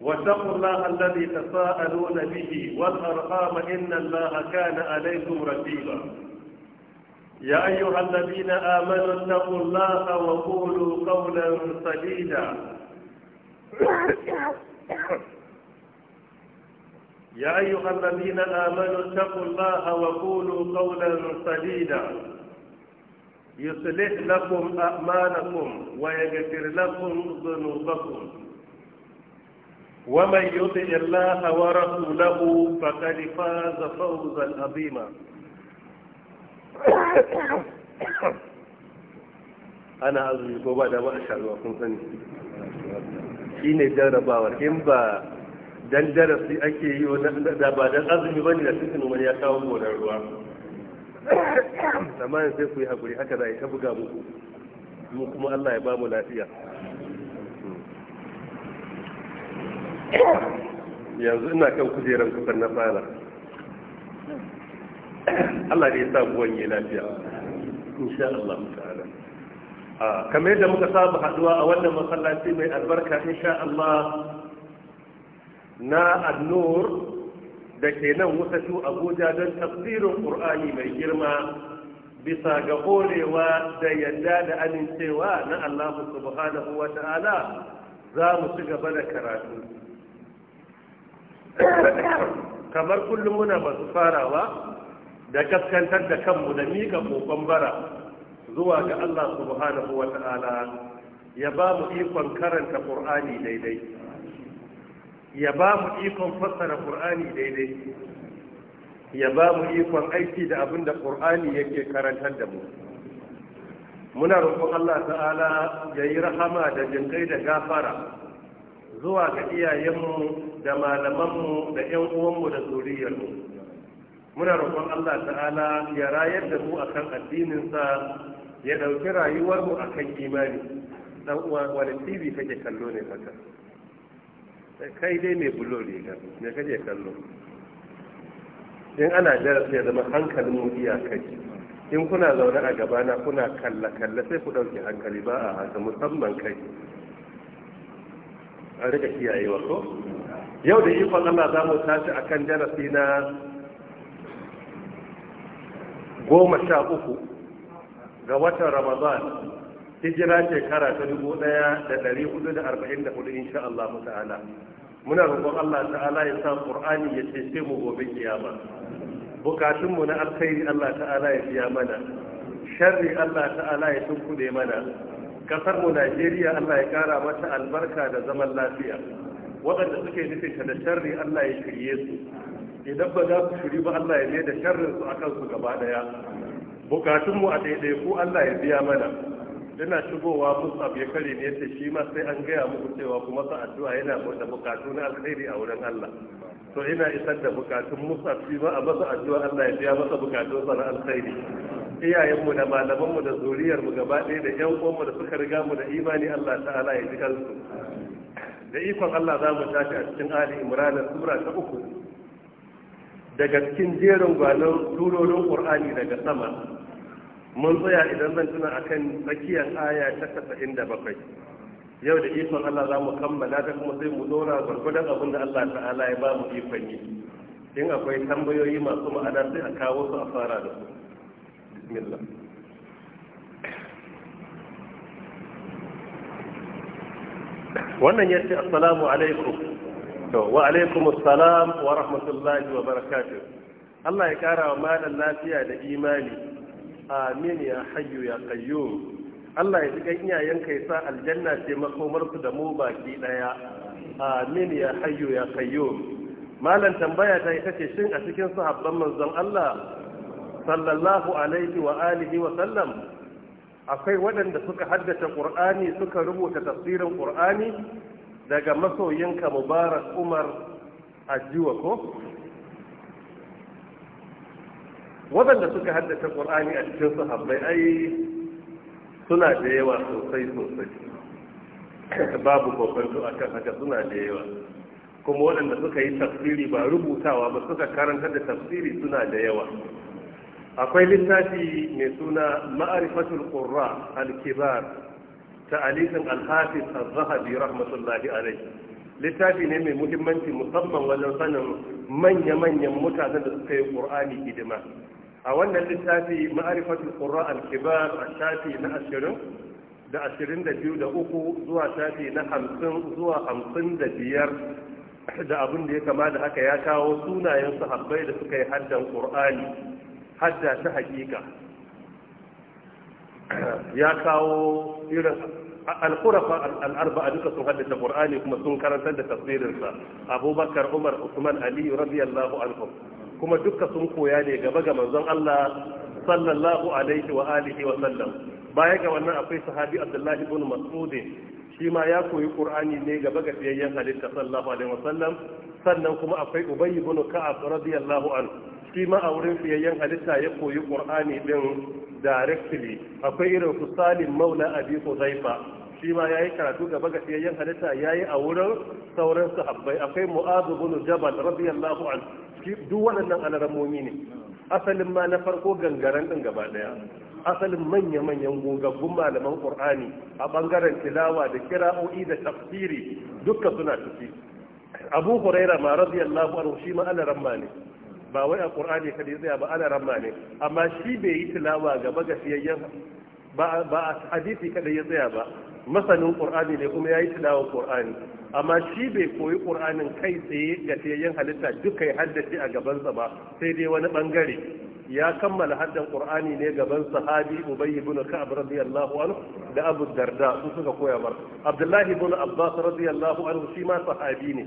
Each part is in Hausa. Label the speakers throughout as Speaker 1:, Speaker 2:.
Speaker 1: واتقوا الله الذي تساءلون به والأرحام إن الله كان عليكم رتيبا يا أيها الذين آمنوا اتقوا الله وقولوا قولا سديدا يا أيها الذين آمنوا اتقوا الله وقولوا قولا سديدا يصلح لكم أعمالكم ويغفر لكم ذنوبكم ومن يطع الله ورسوله فقد فاز فوزا عظيما ana azumi ko ba da ba a sharuwa kun sani shi ne jarrabawar in ba dan darasi ake yi da ba dan azumi ba ne da cikin wani ya kawo gonar ruwa amma sai ku yi hakuri haka za a yi ta buga muku mu kuma Allah ya ba mu lafiya yanzu ina kan kujeran kusan na fara Allah ne ya sa buwan yi lafiya insha Allah ta'ala a kamar yadda muka saba haduwa a wannan masallaci mai albarka insha Allah na annur da ke nan a Abuja don tafsirin Qur'ani mai girma bisa ga horewa da yadda da amincewa na Allah subhanahu wa ta'ala za mu ci gaba da karatu kamar kullum muna masu farawa da kaskantar da kanmu da miƙa kokon bara zuwa ga Allah subhanahu wa ta'ala ya ba mu ikon karanta ƙur'ani daidai ya ba mu ikon fassara ƙur'ani daidai ya ba mu ikon aiki da abin da yake karantar da mu muna roƙon Allah ta'ala ya yi rahama da jinkai da gafara zuwa ga iyayenmu da malamanmu da 'yan uwanmu da zuriyarmu muna roƙon Allah ta'ala ya rayar da mu akan addininsa ya ɗauki rayuwarmu akan imani dan uwa wani tv kake kallo ne haka kai dai mai bulo riga me kake kallo in ana darasi ya zama hankalin mu iyakai in kuna zaune a gabana kuna kalla kalla sai ku ɗauki hankali ba a haka musamman kai a rika kiyayewa ko yau da ikon Allah za mu tashi a kan darasi na goma sha uku ga watan Ramadan hijira shekara ta dubu ɗaya da dari hudu da arba'in da hudu insha Allah ta'ala muna roƙon Allah ta'ala ya sa Qur'ani ya cece mu gobe kiyama mu na alkhairi Allah ta'ala ya biya mana sharri Allah ta'ala ya tunkude mana kasar mu Najeriya Allah ya kara mata albarka da zaman lafiya waɗanda suke nufin ta da sharri Allah ya shirye su idan ba za su shiri ba Allah ya mai da sharrin su akan su gaba daya bukatun mu a ku Allah ya biya mana ina shigowa Musab ya kare ne yace shi ma sai an gaya muku cewa kuma sa addu'a yana da bukatu na alkhairi a wurin Allah to ina isar da bukatun Musab shi ma a masa addu'a Allah ya biya masa bukatun sa na alkhairi iyayenmu da malamanmu da zuriyarmu gaba ɗaya da ƴan uwanmu da suka riga mu da imani Allah ta'ala ya ji kansu da ikon Allah za mu tashi a cikin Ali Imran sura ta uku daga cikin jerin gwanon turorin Qur'ani daga sama mun tsaya idan zan tuna akan tsakiyar aya ta 77 yau da ikon Allah za mu kammala ta kuma sai mu dora gwargwadon abin da Allah ta'ala ya ba mu ikon yi in akwai tambayoyi masu ma'ana sai a kawo su a fara da su بسم الله wannan yace assalamu alaikum to wa alaikum assalam wa rahmatullahi wa barakatuh Allah ya kara wa malan lafiya da imani amin ya hayyu ya qayyum Allah ya jikan iyayen ya sa aljanna ce su da mu baki daya amin ya hayyu ya qayyum malan tambaya ta ita ce shin a cikin sahabban manzon Allah sallallahu alaihi wa alihi wa sallam akwai waɗanda suka haddace ƙur'ani suka rubuta tafsirin ƙur'ani daga masoyinka mubarak umar ajiwa ko waɗanda suka haddace ƙur'ani a cikin sahabbai ai suna da yawa sosai sosai babu kokonto a kan haka suna da yawa kuma waɗanda suka yi tafsiri ba rubutawa ba suka karanta da tafsiri suna da yawa akwai littafi mai suna ma'arifatul qurra al-kibar ta'alifin al-hafiz az-zahabi rahmatullahi alayhi littafi ne mai muhimmanci musamman wajen sanin manya-manyan mutanen da suka yi qur'ani hidima a wannan littafi ma'arifatul qurra al-kibar a shafi na ashirin da ashirin da biyu da uku zuwa shafi na 50 zuwa 55 da biyar da abin da ya kama da haka ya kawo sunayen sahabbai da suka yi haddan qur'ani hadda ta hakika ya kawo irin al-qurafa al-arba'a duka sun haddace qur'ani kuma sun karanta da tafsirin sa abubakar umar usman ali radiyallahu anhum kuma duka sun koya ne gaba ga manzon Allah sallallahu alaihi wa alihi wa sallam baya ga wannan akwai sahabi abdullahi ibn mas'ud shi ma ya koyi qur'ani ne gaba ga tsayayyen halitta sallallahu alaihi wa sallam sannan kuma akwai ubay ibn ka'ab radiyallahu anhu shi ma a wurin fiyayyen halitta ya koyi ƙur'ani ɗin directly akwai irin su salim maula abi huzaifa shi ma ya yi karatu gaba ga fiyayyen halitta ya yi a wurin sauran sahabbai akwai mu'adu ibn jabal radiyallahu shi duk waɗannan alaramomi ne asalin ma na farko gangaren ɗin gaba ɗaya. asalin manya-manyan gogaggun malaman Kur'ani a bangaren tilawa da kira'o'i da tafsiri dukkan suna tafi abu huraira ma radiyallahu anhu shi ma alaramma ne ba wai a ƙur'ani kadai ya tsaya ba ana ramma ne amma shi bai yi tilawa ga magasiyayyen ba a hadisi kadai ya tsaya ba masanin ƙurani ne kuma ya yi tilawa Kur'ani. amma shi bai koyi ƙur'anin kai tsaye ga tiyayyen halitta duka ya haddace a gabansa ba sai dai wani bangare ya kammala haddan ƙur'ani ne gaban sahabi ubay ibn ka'ab radiyallahu anhu da abu darda su suka koya mar abdullahi ibn abbas radiyallahu anhu shi ma sahabi ne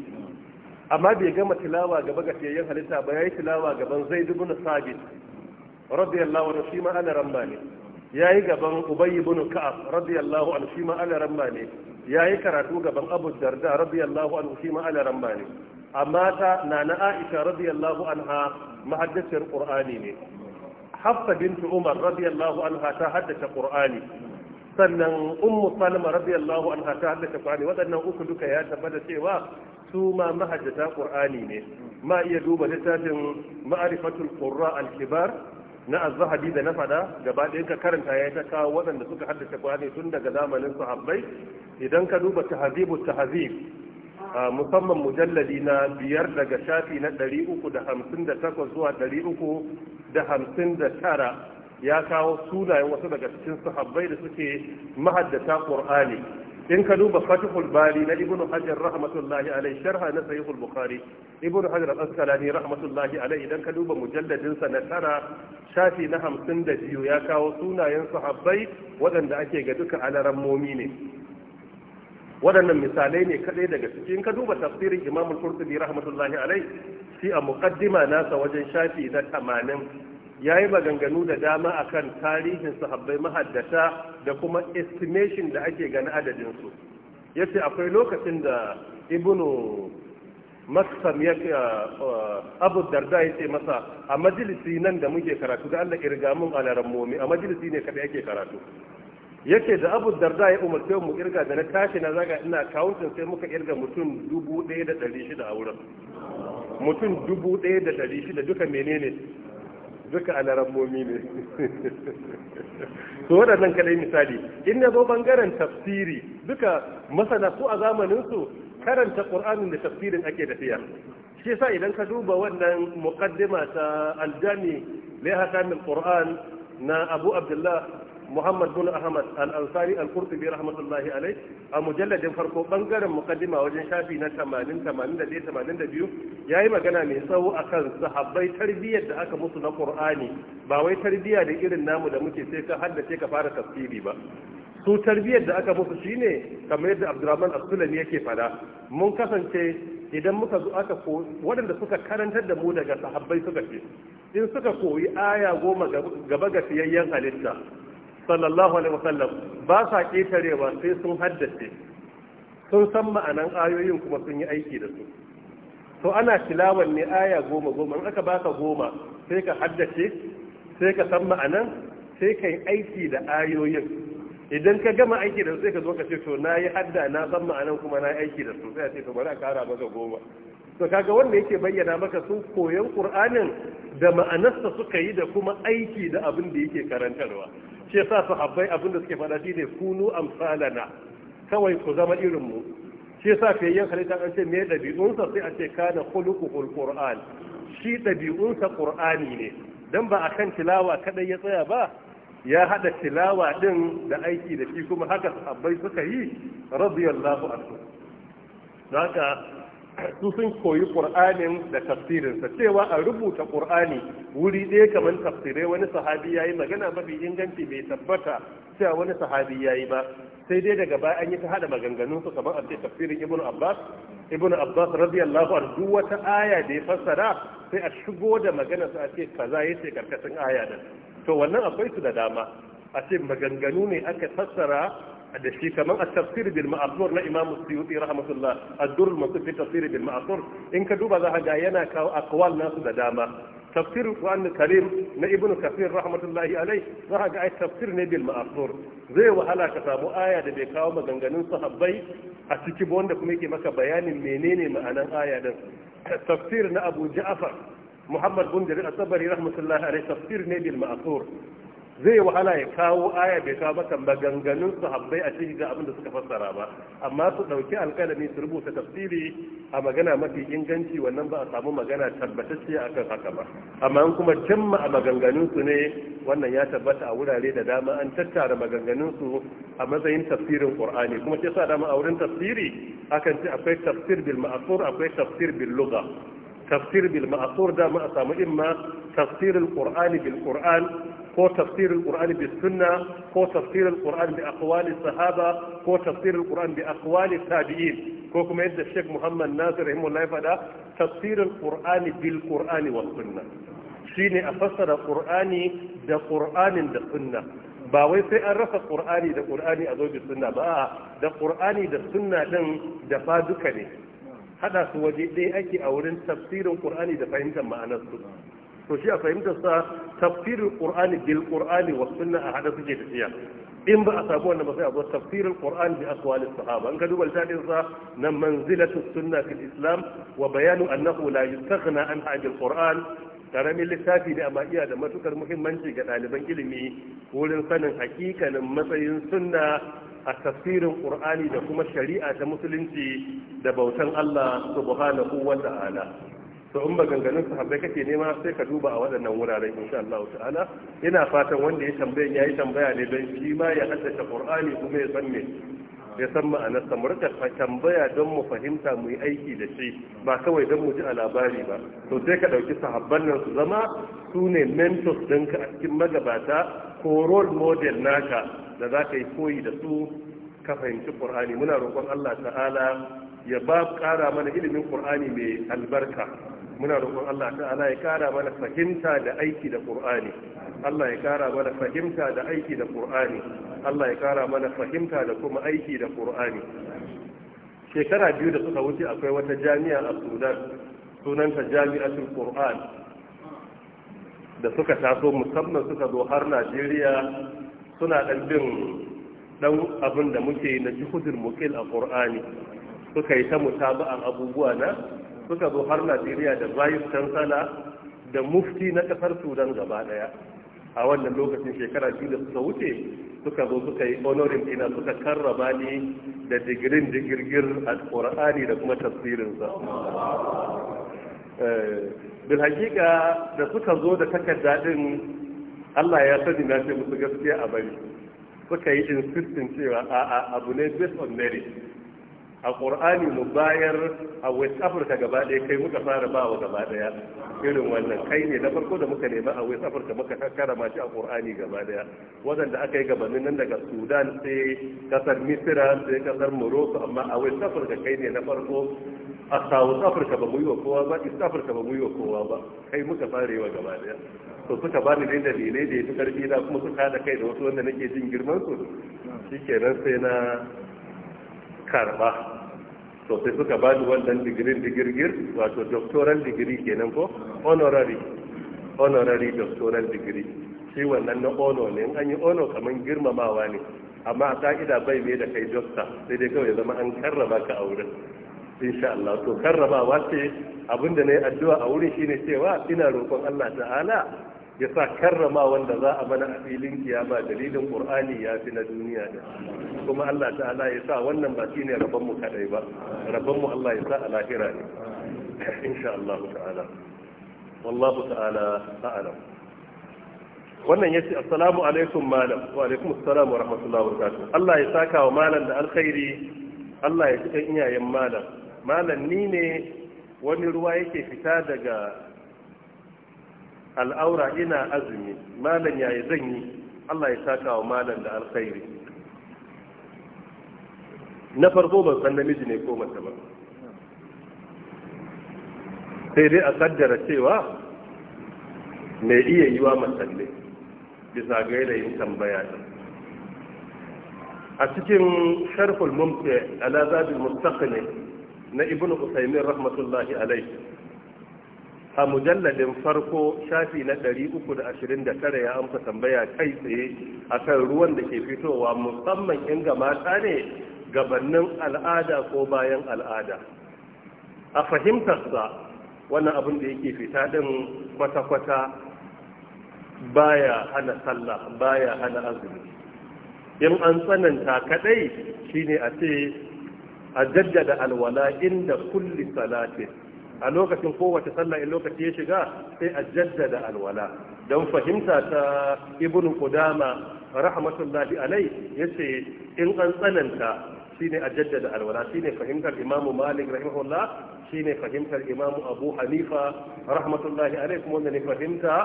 Speaker 1: amma bai gama tilawa gaba ga fiyayyen halitta ba ya yi tilawa gaban zaid ibn sabit radiyallahu anhu shi ma ana ramba ne ya yi gaban ubay ibn ka'ab radiyallahu anhu shi ma ana ramba ne ya yi karatu gaban abu darda radiyallahu anhu shi ma ana ramba ne amma ta nana aisha radiyallahu anha muhaddisar qur'ani ne hafsa bint umar radiyallahu anha ta haddace qur'ani sannan ummu salma radiyallahu anha ta haddace qur'ani waɗannan uku duka ya tabbata cewa su ma mahajjata qur'ani ne ma iya duba littafin ma'arifatul qurra al-kibar na az-zahabi da na fada gaba ɗayan ka karanta ya ta kawo waɗanda suka haddace qur'ani tun daga zamanin sahabbai idan ka duba tahzibu tahzib musamman mujalladi na biyar daga shafi na 358 zuwa 359 ya kawo sunayen wasu daga cikin sahabbai da suke mahaddata qur'ani in ka duba fatihul bari na ibnu hajar rahmatullahi alai sharha na sahihul bukhari ibnu hajar al-asqalani rahmatullahi alai idan ka duba mujalladin sa na tara shafi na hamsin da biyu ya kawo sunayen sahabbai waɗanda ake ga duka alaran ne waɗannan misalai ne kaɗai daga ciki in ka duba tafsirin imamul qurtubi rahmatullahi alai shi a muqaddima nasa wajen shafi na tamanin ya yi maganganu da dama akan tarihin sahabbai mahaddasa da kuma estimation da ake gani adadinsu ya ce akwai lokacin da ibnu maksam ya uh, uh, abu darda ya ce masa a majalisi nan da muke karatu da allah mun alaran momi a majalisi ne kada yake karatu ya ce da abu darda ya umarce mu irga da na tashi na zaga ina kawuntin sai muka irga mutum dubu ɗaya da ɗari shida a wurin mutum dubu ɗaya da ɗari shida duka menene duka alarammomi ne to waɗannan kalai misali in na zo bangaren tafsiri duka masana su a su karanta ƙur'anin da tafsirin ake tafiya shi yasa idan ka duba wannan muqaddima ta aljami laiha kamil qur'an na abu abdullah muhammad bin ahmad al-ansari al-qurtubi rahmatullahi alai a mujalladin farko bangaren mukaddima wajen shafi na 80 81 82 yayi magana mai tsawo akan sahabbai tarbiyyar da aka musu na qur'ani ba wai tarbiyya da irin namu da muke sai ka haddace ka fara tafsiri ba su tarbiyyar da aka musu shine kamar yadda Abdurrahman As-Sulami yake fada mun kasance idan muka zo aka ko waɗanda suka karantar da mu daga sahabbai suka ce in suka koyi aya goma gaba ga fiyayyen halitta sallallahu alaihi wasallam ba sa ketarewa sai sun haddace sun san ma'anan ayoyin kuma sun yi aiki da su to ana tilawan ne aya goma goma in aka baka goma sai ka haddace sai ka san ma'anan sai ka yi aiki da ayoyin idan ka gama aiki da su sai ka zo ka ce to na yi hadda na san ma'anan kuma na yi aiki da su sai a ce to bari a kara maka goma to kaga wanda yake bayyana maka sun koyon qur'anin da ma'anarsa suka yi da kuma aiki da abin da yake karantarwa shi sa sahabbai abin da suke faɗa ne kunu amsalana kawai ku zama irin mu sa fiye yin halitta an ce me ɗabi'unsa sai a ce kana khuluquhul ƙuran shi ɗabi'unsa ƙur'ani ne dan ba a kan tilawa kaɗai ya tsaya ba ya haɗa tilawa ɗin da aiki da shi kuma haka sahabbai suka yi radiyallahu anhu haka su sun koyi ƙur'anin da tafsirinsa cewa a rubuta ƙur'ani wuri ɗaya kamar tafsirai wani sahabi ya yi magana mafi inganci mai tabbata cewa wani sahabi ya yi ba sai dai daga baya an yi ta haɗa maganganun su kamar a ce tafsirin Ibn abbas ibn abbas radiyallahu anhu duk wata aya da ya fassara sai a shigo da magana su a ce kaza yace karkashin aya da to wannan akwai su da dama a ce maganganu ne aka fassara da shi kamar a tafsir bil ma'thur na Imam Suyuti rahmatullah ad-durr al-mansur fi tafsir bil in ka duba za ga yana kawo aqwal nasu da dama tafsir Qur'an Karim na Ibnu Kathir rahmatullahi alai za ga ai tafsir ne bil ma'thur zai wahala ka samu aya da bai kawo maganganun sahabbai a ciki ba wanda kuma yake maka bayanin menene ma'anan aya din tafsir na Abu Ja'far Muhammad bin Jarir At-Tabari rahmatullahi alayh tafsir ne bil ma'thur zai wahala ya kawo aya bai kawo maka maganganun sahabbai a cikin abin da suka fassara ba amma su ɗauki alƙalami su rubuta tafsiri a magana mafi inganci wannan ba a samu magana tabbatacce kan haka ba amma kuma cimma a maganganun su ne wannan ya tabbata a wurare da dama an tattara maganganun su a matsayin tafsirin qur'ani kuma sai sa dama a wurin tafsiri akan ce akwai tafsir bil ma'asur akwai tafsir bil lugha tafsir bil ma'asur da ma a samu imma tafsirul qur'ani bil qur'an ko tafsirin qur'ani bi sunna ko tafsirin qur'ani bi aqwali sahaba ko tafsirin qur'ani bi aqwali tabi'in ko kuma yadda Sheikh Muhammad Nasir rahimahullah ya tafsirin qur'ani bil qur'ani was sunna shine a fassara qur'ani da qur'anin da sunna ba wai sai an rasa qur'ani da qur'ani a zobe sunna ba da qur'ani da sunna din da fa duka ne hada su waje ɗaya ake a wurin tafsirin qur'ani da fahimtar ma'anar su to shi a fahimtar sa tafsirul qur'ani bil qur'ani was sunna a hada suke tafiya in ba a samu wannan ba sai a zo tafsirul qur'an bi aqwali sahaba an ka duba littafin sa na manzilatu sunna fil islam wa bayanu annahu la yustaghna an hajil qur'an karamin littafi ne amma iya da matukar muhimmanci ga ɗaliban ilimi wurin sanin hakikanin matsayin sunna a tafsirin qur'ani da kuma shari'a ta musulunci da bautan Allah subhanahu wa ta'ala to in maganganun sahabbai kake nema sai ka duba a waɗannan wuraren insha Allah ta'ala ina fatan wanda ya tambaye ya yi tambaya ne don shi ma ya haddace Qur'ani kuma ya san me ya san ma'anar sa mu tambaya don mu fahimta mu yi aiki da shi ba kawai don mu ji a labari ba to sai ka ɗauki sahabban nan su zama su ne mentors ɗinka a cikin magabata ko role model naka da za ka yi koyi da su ka fahimci Qur'ani muna roƙon Allah ta'ala ya ba ƙara mana ilimin Qur'ani mai albarka muna roƙon Allah ta'ala ya kara mana fahimta da aiki da Qur'ani Allah ya kara mana fahimta da aiki da Qur'ani Allah ya kara mana fahimta da kuma aiki da Qur'ani shekara biyu da suka wuce akwai wata jami'a a Sudan sunanta Jami'atul Qur'an da suka taso musamman suka zo har Najeriya suna ɗan bin dan abin da muke na juhudul muqil a Qur'ani suka yi ta mutaba'an abubuwa na suka zo har najeriya da vice Kansala da mufti na kasar sudan gaba daya a wannan lokacin shekara biyu da suka wuce suka zo suka yi honorin ina suka karraba ni da digirin digirgir a ƙorani da kuma tafsirinsa eh, bil hakika da suka zo da takarda din Allah ya sani na ce musu gaskiya a bari suka yi insistin cewa a'a abu ne based on merit a ƙorani mu bayar a west africa gaba ɗaya kai muka fara ba wa gaba ɗaya irin wannan kai ne na farko da muka nema a west africa muka karama shi a ƙorani gaba ɗaya wadanda aka yi gabanin nan daga sudan sai kasar misira sai kasar morocco amma a west africa kai ne na farko a south africa ba mu yi wa kowa ba east africa ba mu yi wa kowa ba kai muka fara yi wa gaba ɗaya to suka bani dai dalilai da ya fi ƙarfi na kuma suka haɗa kai da wasu wanda nake jin girman su shikenan sai na karba to sai suka ba ni wannan digirin digirgir wato doctoral digiri kenan ko honorary honorary doctoral digiri shi wannan na ono ne an yi ono kamar girmamawa ne amma a ka'ida bai mai da kai dokta sai dai kawai zama an karrama ka a wurin insha Allah to karramawa ce abinda na yi addu'a a wurin shine cewa ina roƙon Allah ta'ala ya sa karrama wanda za a mana a filin kiyama dalilin qur'ani ya fi na duniya da kuma Allah ta'ala ya sa wannan ba shine rabon mu kadai ba rabon mu Allah ya sa a lahira ne insha Allah ta'ala wallahu ta'ala a'lam wannan yace assalamu alaikum malam wa alaikum assalam wa rahmatullahi wa barakatuh Allah ya saka wa malam da alkhairi Allah ya cikin iyayen malam malam ni ne wani ruwa yake fita daga al'aura ina azumi malam yayi zan yi Allah ya saka wa malam da alkhairi na farko ban san namiji ne ko mace ba sai dai a kaddara cewa mai iya yi wa matsalle bisa ga yanayin tambaya ta. a cikin sharhul mumfe ala zabil na ibnu usaymin rahmatullahi alayhi a mujalladin farko shafi na 329 ya amsa tambaya kai tsaye kan ruwan da ke fitowa musamman in ga mata ne gabannin al'ada ko bayan al'ada a fahimtarsa wannan abin da yake fita din kwata-kwata baya hana sallah baya hana azumi in an tsananta kadai shine a ce a jaddada alwala inda kulli salatin a lokacin kowace sallah in lokaci ya shiga sai a jaddada alwala don fahimta ta ibn qudama rahmatullahi alai yace in an tsananta shine a jaddada alwala shine fahimtar imam malik rahimahullah shine fahimtar imam abu hanifa rahmatullahi alai kuma wanda ne fahimta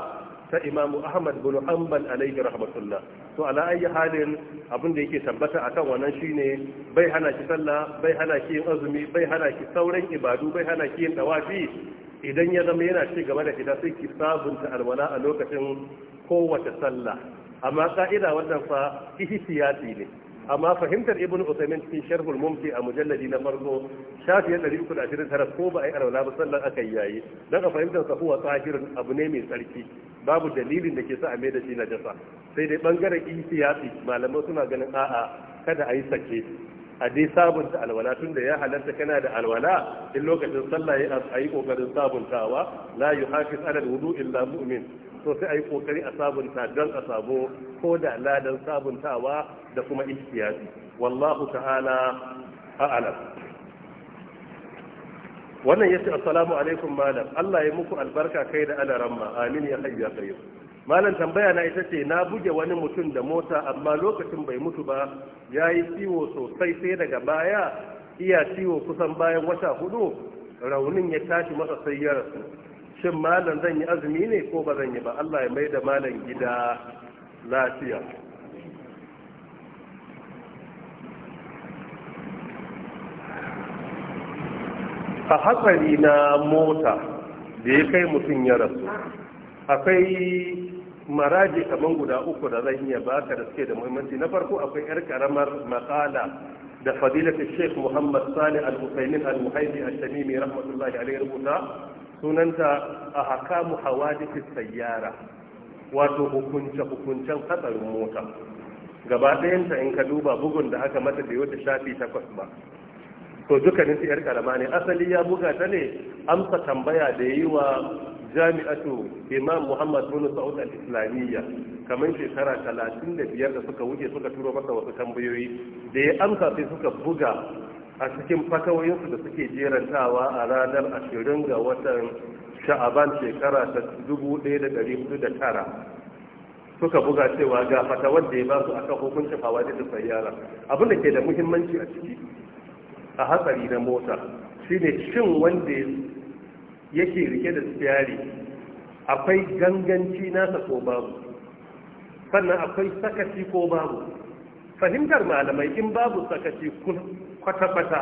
Speaker 1: ta imamu ahmad bin hanbal alaihi rahmatullah to ala ayi halin abin da yake tabbata akan wannan shine bai hana ki sallah bai hana ki yin azumi bai hana ki sauran ibadu bai hana ki yin dawafi idan ya zama yana ci gaba da fita sai ki sabunta alwala a lokacin kowace sallah amma ka'ida wannan fa ihtiyati ne amma fahimtar ibn usaimin cikin sharhul mumti a mujalladi na farko ashirin tara ko ba a yi alwala ba sallan aka yi yayi don a fahimtar sa huwa tsahirin abu ne mai tsarki babu dalilin da ke sa a mai da shi na jasa sai dai bangaren siyasi malamai suna ganin a'a kada a yi sake a dai sabunta alwala tun da ya halarta kana da alwala in lokacin sallah ya yi kokarin sabuntawa la yuhafiz ala wudu illa mu'min Sosai sai a yi kokari a sabunta don a sabo ko da ladan sabuntawa da kuma ihtiyati wallahu ta'ala a'lam wannan yace assalamu alaikum malam Allah ya muku albarka kai da alaramma amin ya hayya kayyum malam tambaya na ita ce na buge wani mutum da mota amma lokacin bai mutu ba yayi ciwo sosai sai daga baya iya ciwo kusan bayan wata hudu raunin ya tashi masa sai ya rasu shin malam zan yi azumi ne ko ba zan yi ba Allah ya mai da malam gida lafiya a hatsari na mota da ya kai mutum ya rasu akwai maraji kamar guda uku da zan iya baka da suke da muhimmanci na farko akwai yar karamar makala da fadilatul sheikh muhammad sani al-husaymin al-muhaidi al-shamimi rahmatullahi alaihi rubuta sunanta a hawa hawadisi sayyara wato hukunce hukuncen hatsarin mota gaba ɗayanta in ka duba bugun da aka mata da wata shafi takwas ba to dukkanin su yar karama ne asali ya buga ta ne amsa tambaya da yi wa jami'atu imam muhammad bin sa'ud al-islamiyya kamar shekara talatin da biyar da suka wuce suka turo masa wasu tambayoyi da ya amsa sai suka buga a cikin fatawoyinsu da suke jerantawa a ranar ashirin ga watan sha'aban shekara ta dubu ɗaya da hudu da tara suka buga cewa ga fatawar da ya ba su a kan hukuncin hawa da sayyara abin da ke da muhimmanci a ciki a hatsari na mota shine shin wanda yake rike da tsiyari akwai ganganci nasa ko babu sannan akwai sakaci ko babu fahimtar malamai in babu sakaci kwata-kwata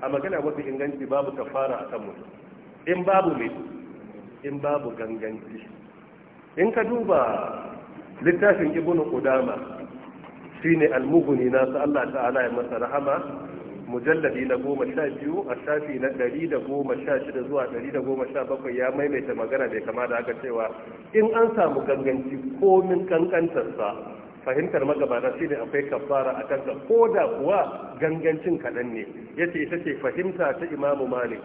Speaker 1: a magana mafi inganci babu fara a kan mutum in babu mai in babu ganganci in ka duba littafin ibnu qudama shine almughni na sa Allah ta'ala ya masa rahama mujallabi na goma sha biyu a shafi na ɗari da goma sha shida zuwa ɗari da goma sha bakwai ya maimaita magana bai kama da aka cewa in an samu ganganci komin kankantarsa fahimtar magabata ne akwai kafara a kanta ko da kuwa gangancin kaɗan ne ce ita ce fahimta ta imamu malik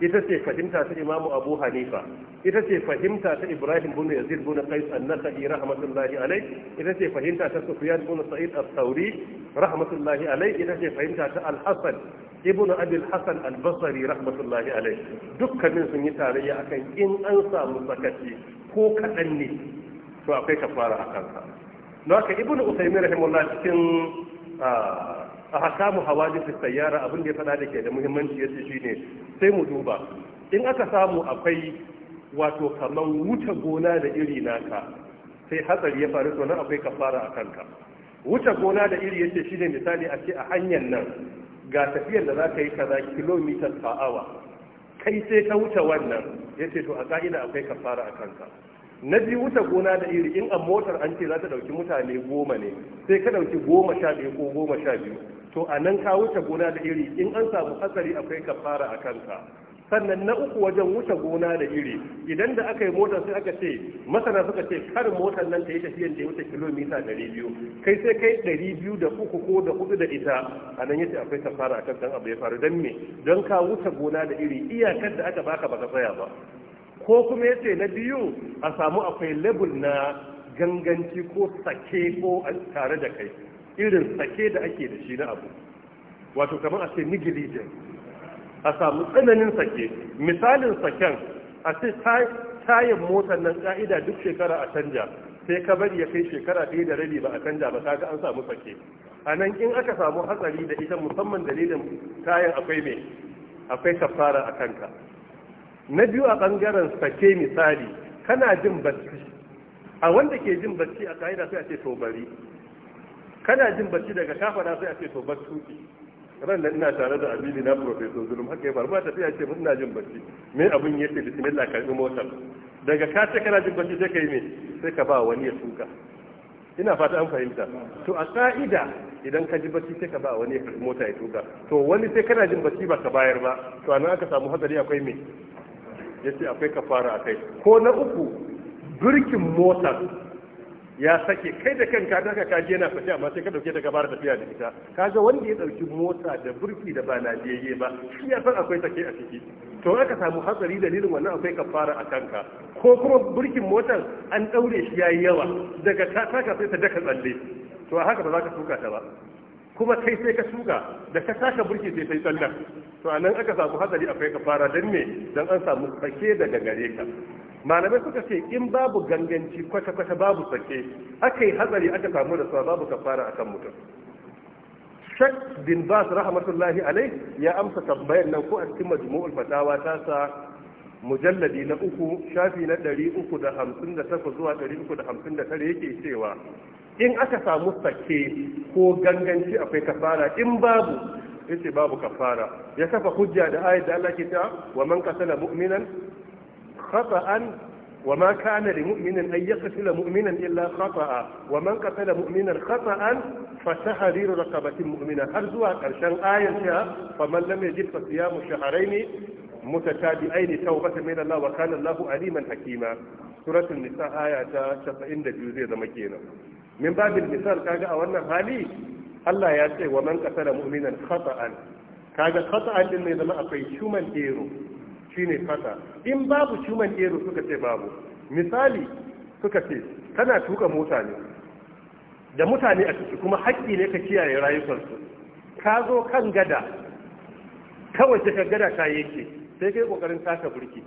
Speaker 1: ita ce fahimta ta imamu abu hanifa ita ce fahimta ta ibrahim bin yazid bin qais an-nasa'i rahmatullahi alai ita ce fahimta ta sufyan bin sa'id al-thawri rahmatullahi alai. ita ce fahimta ta al-hasan ibn abi al-hasan al-basri rahmatullahi dukkanin sun yi tarayya akan in an samu sakaci ko kaɗan ne to akwai kafara a kansa don haka ibnu usaimin rahimullah cikin a ah, hakamu hawajis sayyara abin da ya faɗa da ke da muhimmanci yace shine sai mu duba in aka samu akwai wato kaman wuce gona da iri naka sai hatsari ya faru to nan akwai kafara a kanka wuce gona da iri yace shine misali a ce a hanyar nan ga tafiyar da zaka yi kaza kilomitar per hour kai sai ka wuce wannan yace to a ka'ida akwai kafara a kanka na biyu wuce gona da iri in a motar an ce za ta ɗauki mutane goma ne sai ka ɗauki goma sha biyu ko goma sha biyu to a nan ka wuce gona da iri in an samu hatsari akwai kafara a kanka sannan na uku wajen wuce gona da iri idan da aka yi motar sai aka ce masana suka ce kar motar nan ta yi tafiyan da ya wuce kilomita ɗari biyu kai sai kai ɗari biyu da uku ko da hudu da ita a nan yace akwai kafara a kan abu ya faru don me don ka wuce gona da iri iyakar da aka baka baka tsaya ba ko kuma ya ce na biyu a samu akwai label na ganganci ko sake ko tare da kai irin sake da ake da shi na abu wato kamar a ce negligent a samu tsananin sake misalin saken a ce tayin motar nan ka'ida duk shekara a canja sai ka bari ya kai shekara ɗaya da rabi ba a canja ba kaga an samu sake a nan in aka samu hatsari da ita musamman dalilin tayin akwai mai akwai kafara a kanka na biyu a ɓangaren sake misali kana jin bacci a wanda ke jin bacci a ƙa'ida sai a ce to bari kana jin bacci daga kafara sai a ce to tuki ran da ina tare da abili na professor zulum haka ya faru tafiya ce mutuna jin bacci me abun ya ce bismillah karbi motar daga ka ce kana jin bacci sai kai me sai ka ba wani ya tuka ina fata an fahimta to a ka'ida idan ka ji bacci sai ka ba wani ya karbi mota ya tuka to wani sai kana jin bacci ba ka bayar ba to anan aka samu hadari akwai me ya ce akwai kafara a kai ko na uku birkin mota ya sake kai da kanka ta ka kaje yana fashe amma sai ka dauke daga bara tafiya da ita kaga wanda ya dauki mota da burki da ba lafiyayye ba shi ya san akwai take a ciki to aka samu hatsari dalilin wannan akwai kafara a kanka ko kuma burkin motar an daure shi yayi yawa daga ta ka sai ta daka tsalle to haka ba za ka tuka ta ba kuma kai sai ka shuka da ka saka burki sai sai tsallar to anan aka samu hadari akwai kafara dan me dan an samu sake daga gare ka malamai suka ce in babu ganganci kwata kwata babu sake aka yi hatsari aka samu da sa babu kafara akan mutum Shak bin Bas rahmatullahi alai ya amsa tambayar nan ko a cikin majmu'ul fatawa ta sa mujalladi na uku shafi na 358 zuwa 359 yake cewa in aka samu sake ko ganganci akwai kafara in babu yace babu kafara ya kafa hujja da ayat da Allah ke ta wa man qatala mu'minan khata'an wa ma kana li mu'minin an yaqtala mu'minan illa khata'a wa man qatala mu'minan khata'an fa tahriru raqabatin mu'mina har zuwa karshen ayat ta fa man lam yajid fa siyamu shahrayn mutatabi'aini tawbatan min Allah wa kana Allahu aliman hakima suratul nisa aya ta 92 zai zama kenan min babil misal kaga a wannan hali Allah ya ce wa man qatala mu'minan khata'an kaga khata'an din mai zama akwai human error shine fata in babu suka ce babu misali suka ce kana tuka mota ne da mutane a ciki kuma haƙƙi ne ka kiyaye rayukansu ka zo kan gada kawai ka gada ta yake sai kai kokarin taka burki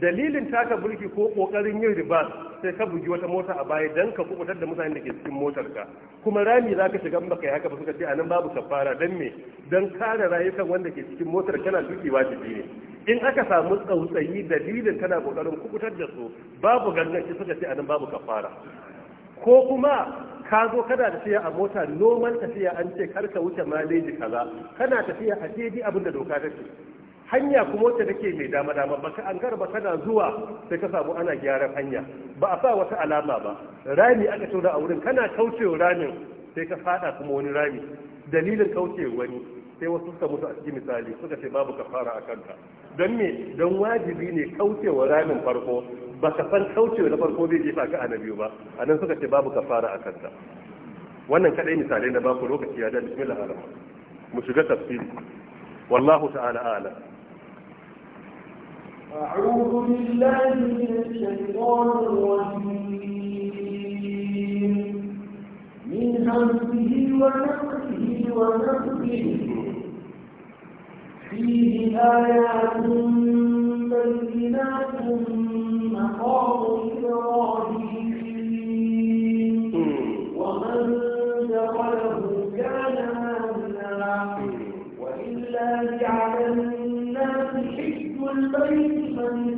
Speaker 1: dalilin taka burki ko kokarin yin riba sai ka bugi wata mota a baya dan ka kubutar da mutanen da ke cikin motar ka kuma rami za ka shiga baka yi haka ba suka ce anan babu kafara dan me dan kare rayukan wanda ke cikin motar kana duki wajibi ne in aka samu tsautsayi dalilin kana kokarin kubutar da su babu ganganci suka ce anan babu kafara ko kuma ka zo kana tafiya a mota noman tafiya an ce kar ka wuce maleji kaza kana tafiya a daidai abin da doka ta ce hanya kuma wacce take mai dama dama ba ka an garba kana zuwa sai ka samu ana gyaran hanya ba a sa wata alama ba rami aka tura a wurin kana kaucewa ramin sai ka fada kuma wani rami dalilin kaucewa wani sai wasu suka mutu a cikin misali suka ce babu kafara a kanka don me don wajibi ne kaucewa ramin farko ba ka san kaucewa na farko zai jefa ka a na biyu ba anan suka ce babu kafara a kanka wannan kadai misalai na baku lokaci ya da bismillah mu shiga tafsiri wallahu ta'ala a'lam
Speaker 2: أعوذ بالله من الشيطان الرجيم من همزه ونفسه ونفسه فيه آيات بينات مقام إبراهيم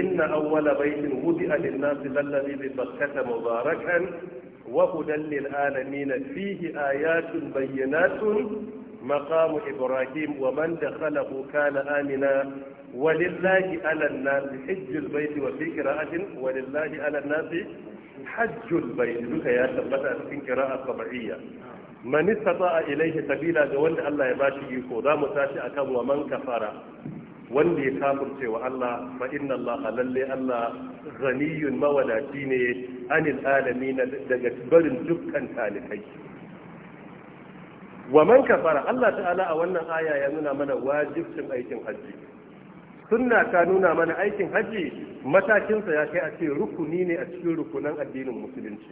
Speaker 1: inna awwala baitin wudi'a lin-nasi lallazi bi bakkata mubarakan wa hudan lil-alamin fihi ayatun bayyinatun maqamu ibrahim wa man dakhalahu kana amina ولله على الناس حج البيت وفي قراءة ولله على الناس حج البيت duka ya tabbata a cikin qira'a sab'iyya man istata'a ilayhi sabila ga wanda Allah ya bashi iko za mu akan wa man kafara wanda ya kafir wa Allah fa inna Allah lalle Allah ghaniyun mawadaci ne anil alamin daga barin dukkan talikai
Speaker 3: wa man kafara
Speaker 1: Allah ta'ala a wannan aya ya nuna mana wajibcin aikin haji sunna ta nuna mana aikin haji matakinsa ya kai a ce rukuni ne a cikin rukunan addinin musulunci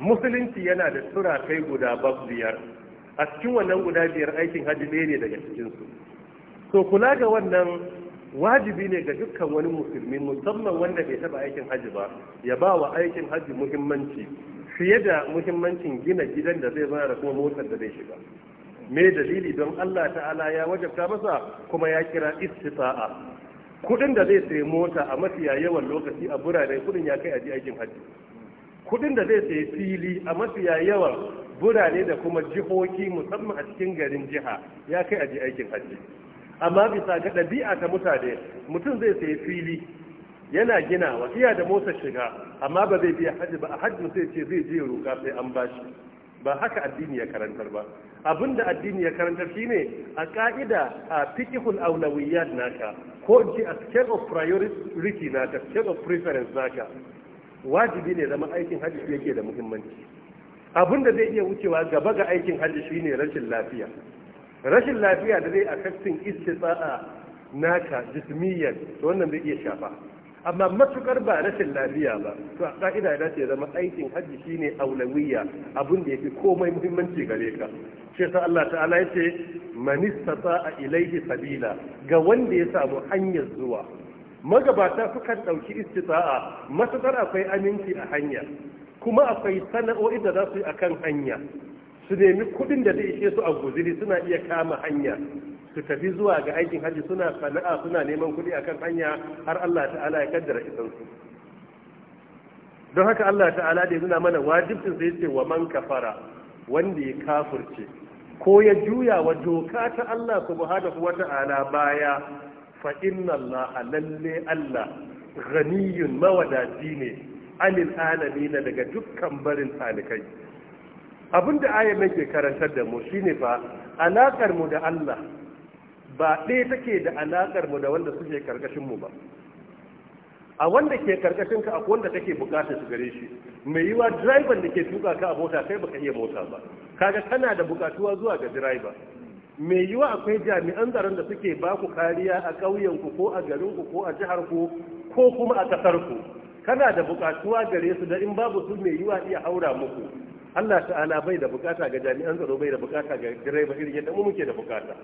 Speaker 1: musulunci yana da sura kai guda biyar a cikin wannan guda biyar aikin haji ne daga cikinsu to kula ga wannan wajibi ne ga dukkan wani musulmi musamman wanda bai taba aikin hajji ba ya ba wa aikin hajji muhimmanci fiye da muhimmancin gina gidan da zai bayar da kuma motar da zai shiga me dalili don Allah ta'ala ya wajabta masa kuma ya kira istifa'a kudin da zai sayi mota a mafi yawan lokaci a birane kudin ya kai aji aikin hajji kudin da zai sayi fili a mafiya yawan birane da kuma jihohi musamman a cikin garin jiha ya kai aji aikin hajji amma bisa ga ɗabi'a ta mutane mutum zai sayi fili yana ginawa iya da motsa shiga amma ba zai biya hajji ba a hajji sai ce zai je roƙa sai an bashi ba haka addini ya karantar ba abin da addini ya karantar ne a ƙa'ida a fiƙihun aulawiyyar naka ko in ce a scale of priority naka scale of preference naka wajibi ne zama aikin hajji yake da muhimmanci abin da zai iya wucewa gaba ga aikin hajji shine rashin lafiya rashin lafiya da zai affecting istitsa'a naka jismiyan to wannan zai iya shafa amma matukar ba rashin lafiya ba to a ka'ida da ce zama aikin hajji shine aulawiyya abin da yafi komai muhimmanci gare ka shi yasa Allah ta'ala yace man istata'a ilayhi sabila ga wanda ya samu hanyar zuwa magabata sukan dauki istita'a matukar akwai aminci a hanya kuma akwai sana'o'i da za su yi akan hanya su nemi kudin da zai ishe su a guziri suna iya kama hanya su tafi zuwa ga aikin hajji suna sana'a suna neman kudi akan hanya har Allah ta'ala ya kaddara isan su don haka Allah ta'ala da nuna mana wajibin sai ce wa man kafara wanda ya kafurce," ko ya juya wa doka ta Allah subhanahu wata'ala baya fa inna Allah lalle Allah ghaniyun mawadaci ne anil alamin daga dukkan barin talikai abin da ayar ke karantar da mu shine fa ba mu da Allah ba ɗaya take da alaƙarmu mu da wanda suke karkashin mu ba a wanda ke karkashin ka akwai wanda take buƙatar su gare shi mai yiwa driver da ke tuka ka a mota kai baka iya mota ba kaga kana da bukatuwa zuwa ga driver mai yiwa akwai jami'an tsaron da suke ba ku kariya a ƙauyenku ko a garinku ko a jiharku ko kuma a ƙasarku, kana da bukatuwa gare su da in babu su mai yiwa iya haura muku Allah ta'ala bai da bukata ga jami'an tsaro bai da bukata ga direba irin yadda mu muke da bukata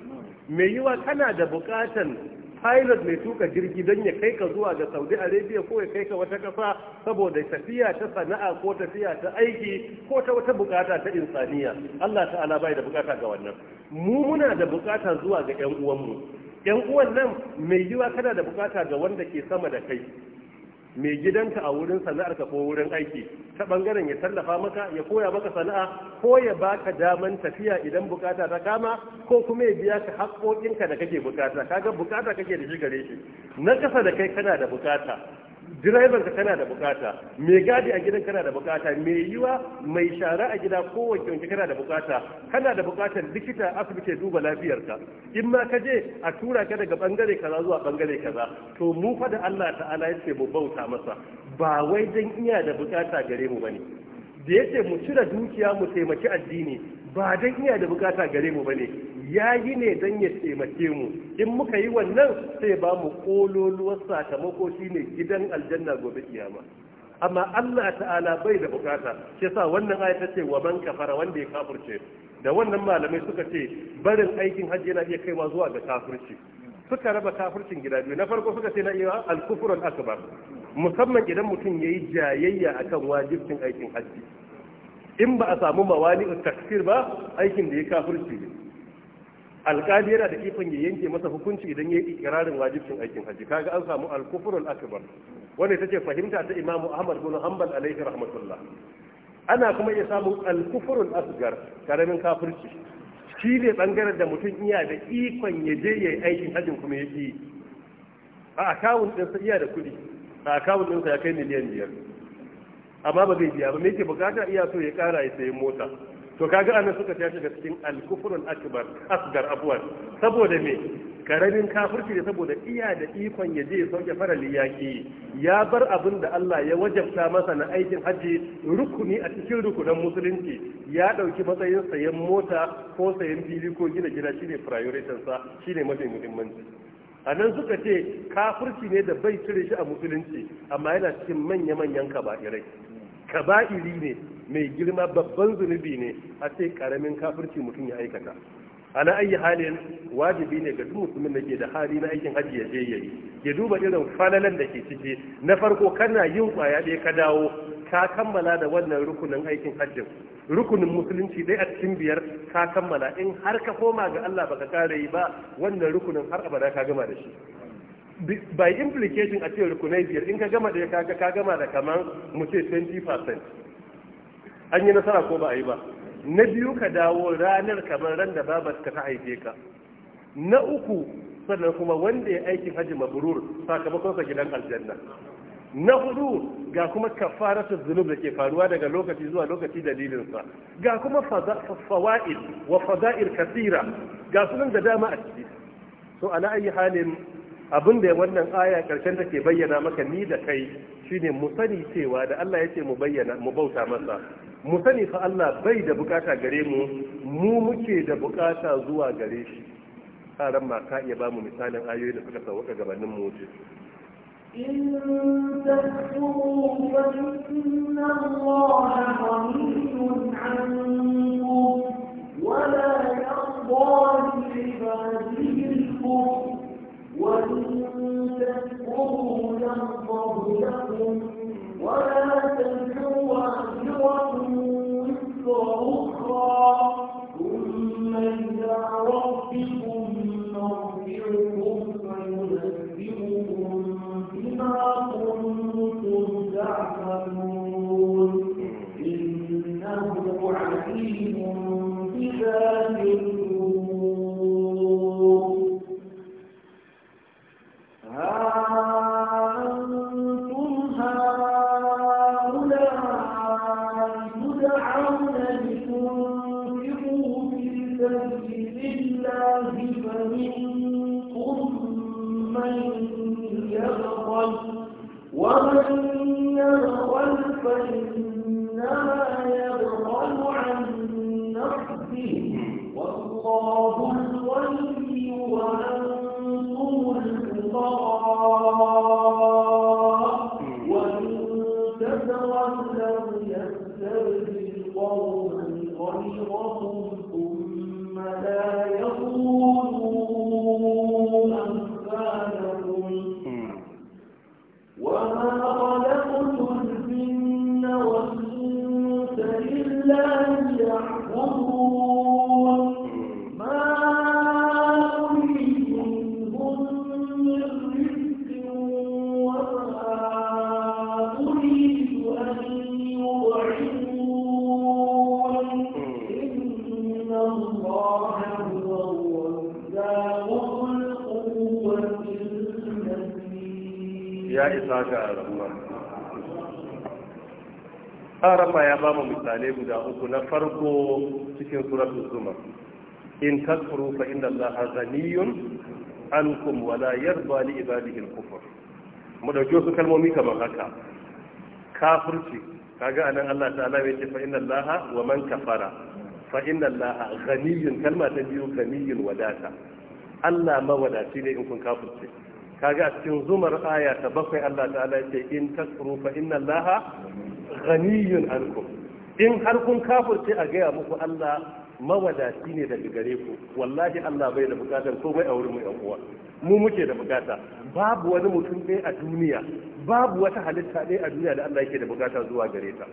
Speaker 1: mai yiwa kana da bukatan pilot mai tuka jirgi don ya kai ka zuwa ga Saudi Arabia ko ya kai ka wata kasa saboda tafiya ta sana'a ko tafiya ta aiki ko ta wata bukata ta insaniya Allah ta'ala bai da bukata ga wannan mu muna da bukata zuwa ga ƴan uwanmu Yan uwan nan mai yiwa kana da bukata ga wanda ke sama da kai mai gidanta a wurin sana'ar ka ko wurin aiki ta bangaren ya tallafa maka ya koya maka sana'a ko ya baka daman tafiya idan bukata ta kama ko kuma ya biya ka haƙoƙinka da kake bukata kaga bukata kake da shi gare shi na kasa da kai kana da bukata direban ka kana da bukata mai gadi a gidan kana da bukata mai yiwa mai shara a gida ko kana da bukata kana da bukatar likita asibiti duba lafiyarka in ma ka je a tura ka daga bangare kaza zuwa bangare kaza to mu fa da Allah ta'ala yace mu bauta masa ba wai dan iya da bukata gare mu bane da yace mu cire dukiya mu taimaki addini ba dan iya da bukata gare mu bane yi ne dan ya taimake mu in muka yi wannan sai ba mu kololuwar sakamako shine gidan aljanna gobe kiyama amma Allah ta'ala bai da bukata shi yasa wannan ayat ta ce wa man kafara wanda ya kafirce da wannan malamai suka ce barin aikin hajji yana iya kaiwa zuwa ga kafirci suka raba kafircin gida biyu na farko suka ce na iya al kufrun akbar musamman idan mutum yayi jayayya akan wajibcin aikin hajji in ba a samu mawani takfir ba aikin da ya kafirci ne alƙali yana da ikon ya yanke masa hukunci idan ya yi ikirarin wajibcin aikin haji kaga an samu alkufurul akbar wanda ita ce fahimta ta imamu ahmad bin hanbal alaihi rahmatullah ana kuma iya samun alkufurul asgar karamin kafirci shi ne bangaren da mutum iya da ikon ya je ya yi aikin hajin kuma ya yi a akawun ɗinsa iya da kuɗi a akawun ɗinsa ya kai miliyan biyar amma ba zai biya ba me yake bukata iya so ya kara ya sayi mota to kaga anan suka tashi shiga cikin alkufrul akbar asgar abwan saboda me karamin kafirci ne saboda iya da ikon ya je sauke farali yaki ya bar abin da Allah ya wajabta masa na aikin haji rukuni a cikin rukunan musulunci ya dauki matsayin sayan mota ko sayan fili ko gina gida shine priority sa shine mafi muhimmanci anan suka ce kafirci ne da bai cire shi a musulunci amma yana cikin manya-manyan kaba'irai kaba'iri ne mai girma babban zunubi ne a sai karamin kafirci mutum ya aikata ana ayi halin wajibi ne ga duk musulmin da ke da hali na aikin hajji ya je yi ya duba irin falalan da ke ciki na farko kana yin kwaya ɗaya ka dawo ka kammala da wannan rukunin aikin hajji. rukunin musulunci dai a cikin biyar ka kammala in har ka koma ga Allah baka kare yi ba wannan rukunin har abada ka gama da shi by implication a cewar rukunai biyar in ka gama da kaga ka gama da kamar mu ce 20% an yi nasara ko ba a yi ba na biyu ka dawo ranar kamar ran da babar ka ta haife ka na uku sannan kuma wanda ya aikin haji mabrur sakamakon sa gidan aljanna na hudu ga kuma kafaratu zunub da ke faruwa daga lokaci zuwa lokaci dalilinsa ga kuma fawaid wa fada'ir kasira ga sunan da dama a ciki so ala ayi halin abin da wannan aya karshen ke bayyana maka ni da kai shine mu sani cewa da Allah yake mu bayyana mu bauta masa mu sani fa Allah bai da bukata gare mu
Speaker 3: mu muke
Speaker 1: da bukata zuwa gare shi Karan ma ka iya ba mu misalin ayoyi da suka sauka gabanin
Speaker 3: mu wuce
Speaker 2: ولا يرضى لعباده الكفر وإن تكفروا يرضه لكم ولا تزر واحدة وفق أخرى ثم إلى ربكم بالله يحفظون
Speaker 1: misalai guda uku na farko cikin suratul zumar in tasfuru fa inna allaha ghaniyun ankum wa la yarda li ibadihi al-kufr mu dauki wasu kalmomi kamar haka kafirci kaga anan Allah ta'ala ya ce fa inna allaha wa man kafara fa inna allaha ghaniyun kalma ta biyu ghaniyun wadata Allah ma mawadaci ne in kun kafirce kaga a cikin zumar aya ta bakwai Allah ta'ala ce in tasfuru fa inna allaha ghaniyun ankum in har kun kafirce a gaya muku Allah mawadaci ne daga gare ku wallahi Allah bai da bukatar ko bai a wurin mu yan uwa mu muke da bukata babu wani mutum ɗaya a duniya babu wata halitta ɗaya a duniya da Allah yake da bukata zuwa gare ta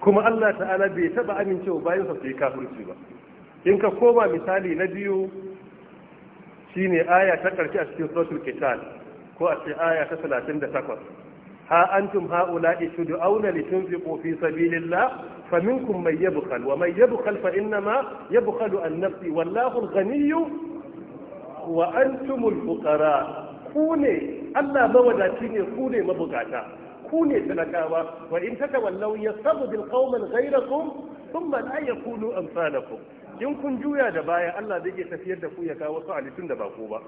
Speaker 1: kuma Allah ta'ala bai taba amincewa bayan sa sai kafirci ba in ka koma misali na biyu shine aya ta karshe a cikin suratul kitab ko a cikin aya ta 38 ha antum haula'i tud'auna litunfiqu fi sabilillah faminkum man yabkhal wa man yabkhal fa innama yabkhalu an nafsi wallahu al-ghaniyyu wa antumul fuqara ku Allah mawadaci ne kune ne mabukata ku talakawa wa in tatawallaw yastabdil qauman ghayrakum thumma la yakunu amsalakum in kun juya da baya Allah zai ke tafiyar da ku ya kawo wasu halittun da ba ku ba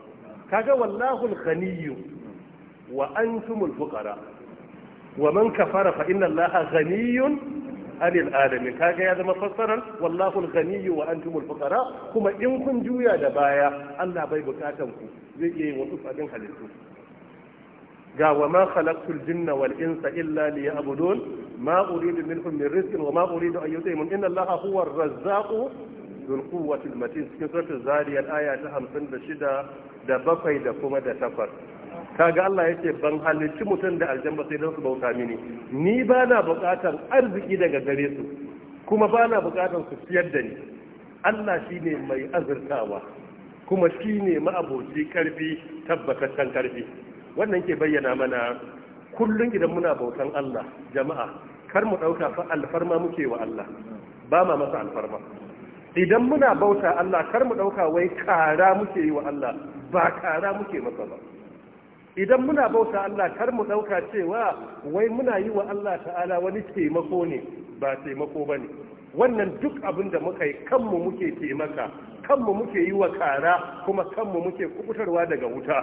Speaker 1: kaga wallahu al-ghaniyyu wa antumul fuqara wa man kafara fa inna allaha ghaniyun anil alamin kaga ya zama fassarar wallahu al-ghani wa antumul fuqara kuma in kun juya da baya Allah bai bukatan ku zai iya yin wasu fadin halittu ga wa ma khalaqtul jinna wal insa illa liya'budun ma uridu minhum min rizqin wa ma uridu an yut'imun inna allaha huwa ar-razzaqu dhul quwwati al-matin cikin suratul zariyat aya ta 56 da 7 da kuma da 8 kaga Allah yake ban halicci mutum da aljan sai don su bauta mini ni ba na bukatar arziki daga gare su kuma ba na bukatar su fiyar da ni Allah shine mai azurtawa kuma shine ma'aboci karfi tabbataccen karfi wannan ke bayyana mana kullum idan muna bautan Allah jama'a kar mu dauka fa alfarma muke wa Allah ba ma masa alfarma idan muna bauta Allah kar mu ɗauka wai kara muke yi wa Allah ba kara muke masa ba idan muna bauta Allah kar mu ɗauka cewa wai muna yi wa Allah ta'ala wani taimako ne ba taimako ba ne wannan duk abin da muka yi kanmu muke taimaka kanmu muke yi wa kara kuma kanmu muke kubutarwa daga wuta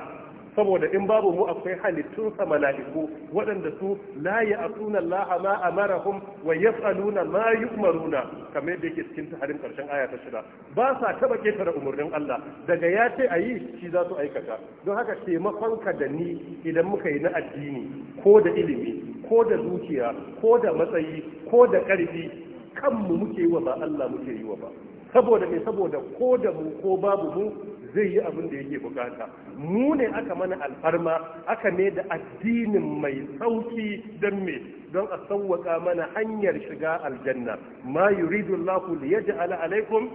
Speaker 1: saboda in babu mu akwai halittun sa mala'iku waɗanda su la ya'tuna Allah ma amarahum wa yaf'aluna ma yu'maruna kamar yadda yake cikin taharin karshen aya ta shida ba sa taba ketare umurnin Allah daga ya ce ayi shi za su aikata don haka taimakon ka da ni idan muka yi na addini ko da ilimi ko da zuciya ko da matsayi ko da ƙarfi kanmu muke yi wa ba Allah muke yi wa ba saboda me saboda ko da mu ko babu mu zai yi abin da yake bukata mu ne aka mana alfarma aka ne da addinin mai sauki don me don a sauwaka mana hanyar shiga aljanna ma yuridu Allahu li yaj'ala alaikum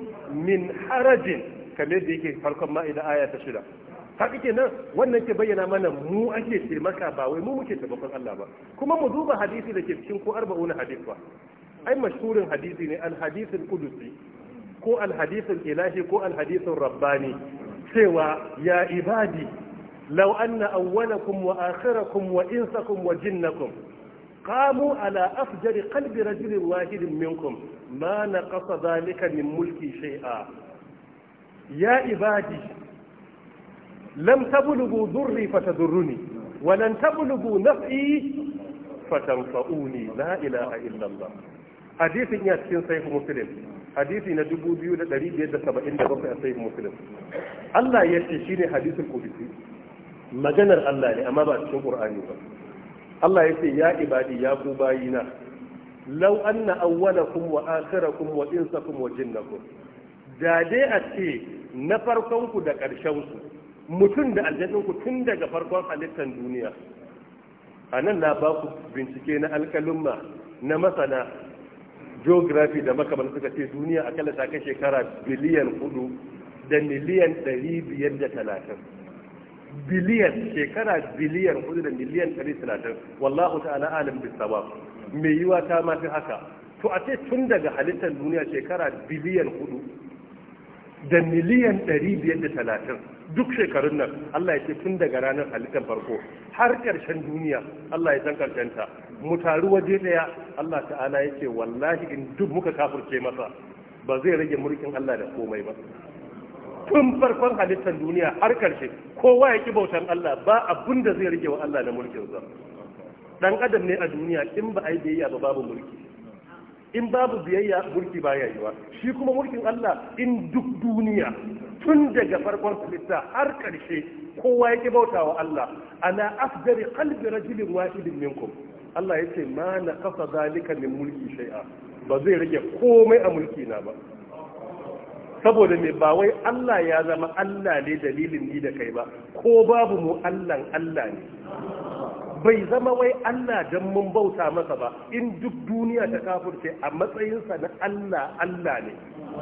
Speaker 1: min harajin kamar da yake farkon ma'ida aya ta shida haka kenan wannan ke bayyana mana mu ake taimaka ba wai mu muke taimakon Allah ba kuma mu duba hadisi da ke cikin ko arba'una hadis ba ai mashhurin hadisi ne al kudusi qudusi ko alhadisin ilahi ko alhadisin rabbani cewa ya ibadi lauanna anna awwalakum wa akhirakum wa insakum wa jinnakum qamu ala afjari qalbi rajulin wahidin minkum ma naqasa dhalika min mulki shay'a ya ibadi lam tablughu dhurri fatadurruni wa lan tablughu naf'i fatanfa'uni la ilaha illa allah hadithin ya cikin sahih muslim hadisi na 2577 a sahih muslim Allah ya ce shi ne hadisul kudisi maganar Allah ne amma ba cikin ƙur'ani ba Allah ya ce ya ibadi ya ku bayina na awwala kun wa kun wa kun wa jinnakum da dai a ce na farkonku da ƙarshen su mutum da aljannin tun daga farkon halittar duniya a nan na ba ku bincike na alƙalumma na masana geography da makamantar suka ce duniya a akalla ta kai shekara biliyan hudu da miliyan ɗari biyar da talatin biliyan shekara biliyan hudu da miliyan ɗari talatin wallahu ta'ala alim bisaba mai yiwa ta ma fi haka to a ce tun daga halittar duniya shekara biliyan hudu da miliyan ɗari biyar da talatin duk shekarun nan Allah ya ce tun daga ranar halittar farko har ƙarshen duniya Allah ya san ƙarshenta mu taru waje ɗaya Allah ta'ala ya ce wallahi in duk muka kafirce masa ba zai rage mulkin Allah da komai ba tun farkon halittar duniya har ƙarshe kowa ya ki bautan Allah ba abin da zai rage wa Allah da mulkin mulkinsa dan adam ne a duniya in ba ai biyayya ba babu mulki in babu biyayya mulki baya yiwa shi kuma mulkin Allah in duk duniya tun daga farkon filista har ƙarshe kowa ya ƙi bauta wa Allah ana afdari kalbi rajulin wahidin minkum Allah ya ce ma na kasa zalika min mulki shay'a ba zai rage komai a mulki na ba saboda me ba wai Allah ya zama Allah ne dalilin ni da kai ba ko babu mu Allah Allah ne bai zama wai Allah dan mun bauta masa ba in duk duniya ta kafurce a matsayinsa na Allah Allah ne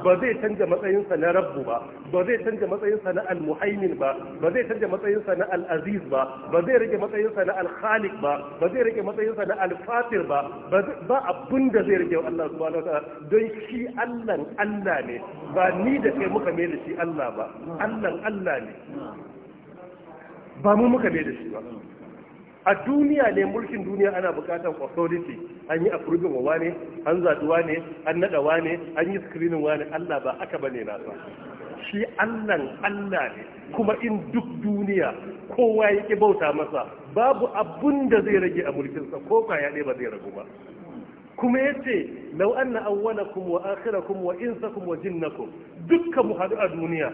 Speaker 1: ba zai canja matsayinsa na rabbu ba ba zai canja matsayinsa na almuhaimin ba ba zai canja matsayinsa na al'aziz ba ba zai rage matsayinsa na alhalik ba ba zai rage matsayinsa na alfatir ba ba abin da zai rage Allah subhanahu wa ta'ala don shi Allah Allah ne ba ni da kai muka mai da shi Allah ba Allah Allah ne ba mu muka mai da shi ba a duniya ne mulkin duniya ana bukatar authority an yi approving wa ne an wa ne an wa ne an yi screening wa ne Allah ba aka bane na sa shi Allahn Allah ne kuma in duk duniya kowa yake bauta masa babu abun da zai rage a mulkin sa ko kwaya ne ba zai ragu ba kuma yace law anna awwalakum wa akhirakum wa insakum wa jinnakum dukkan mu hadu a duniya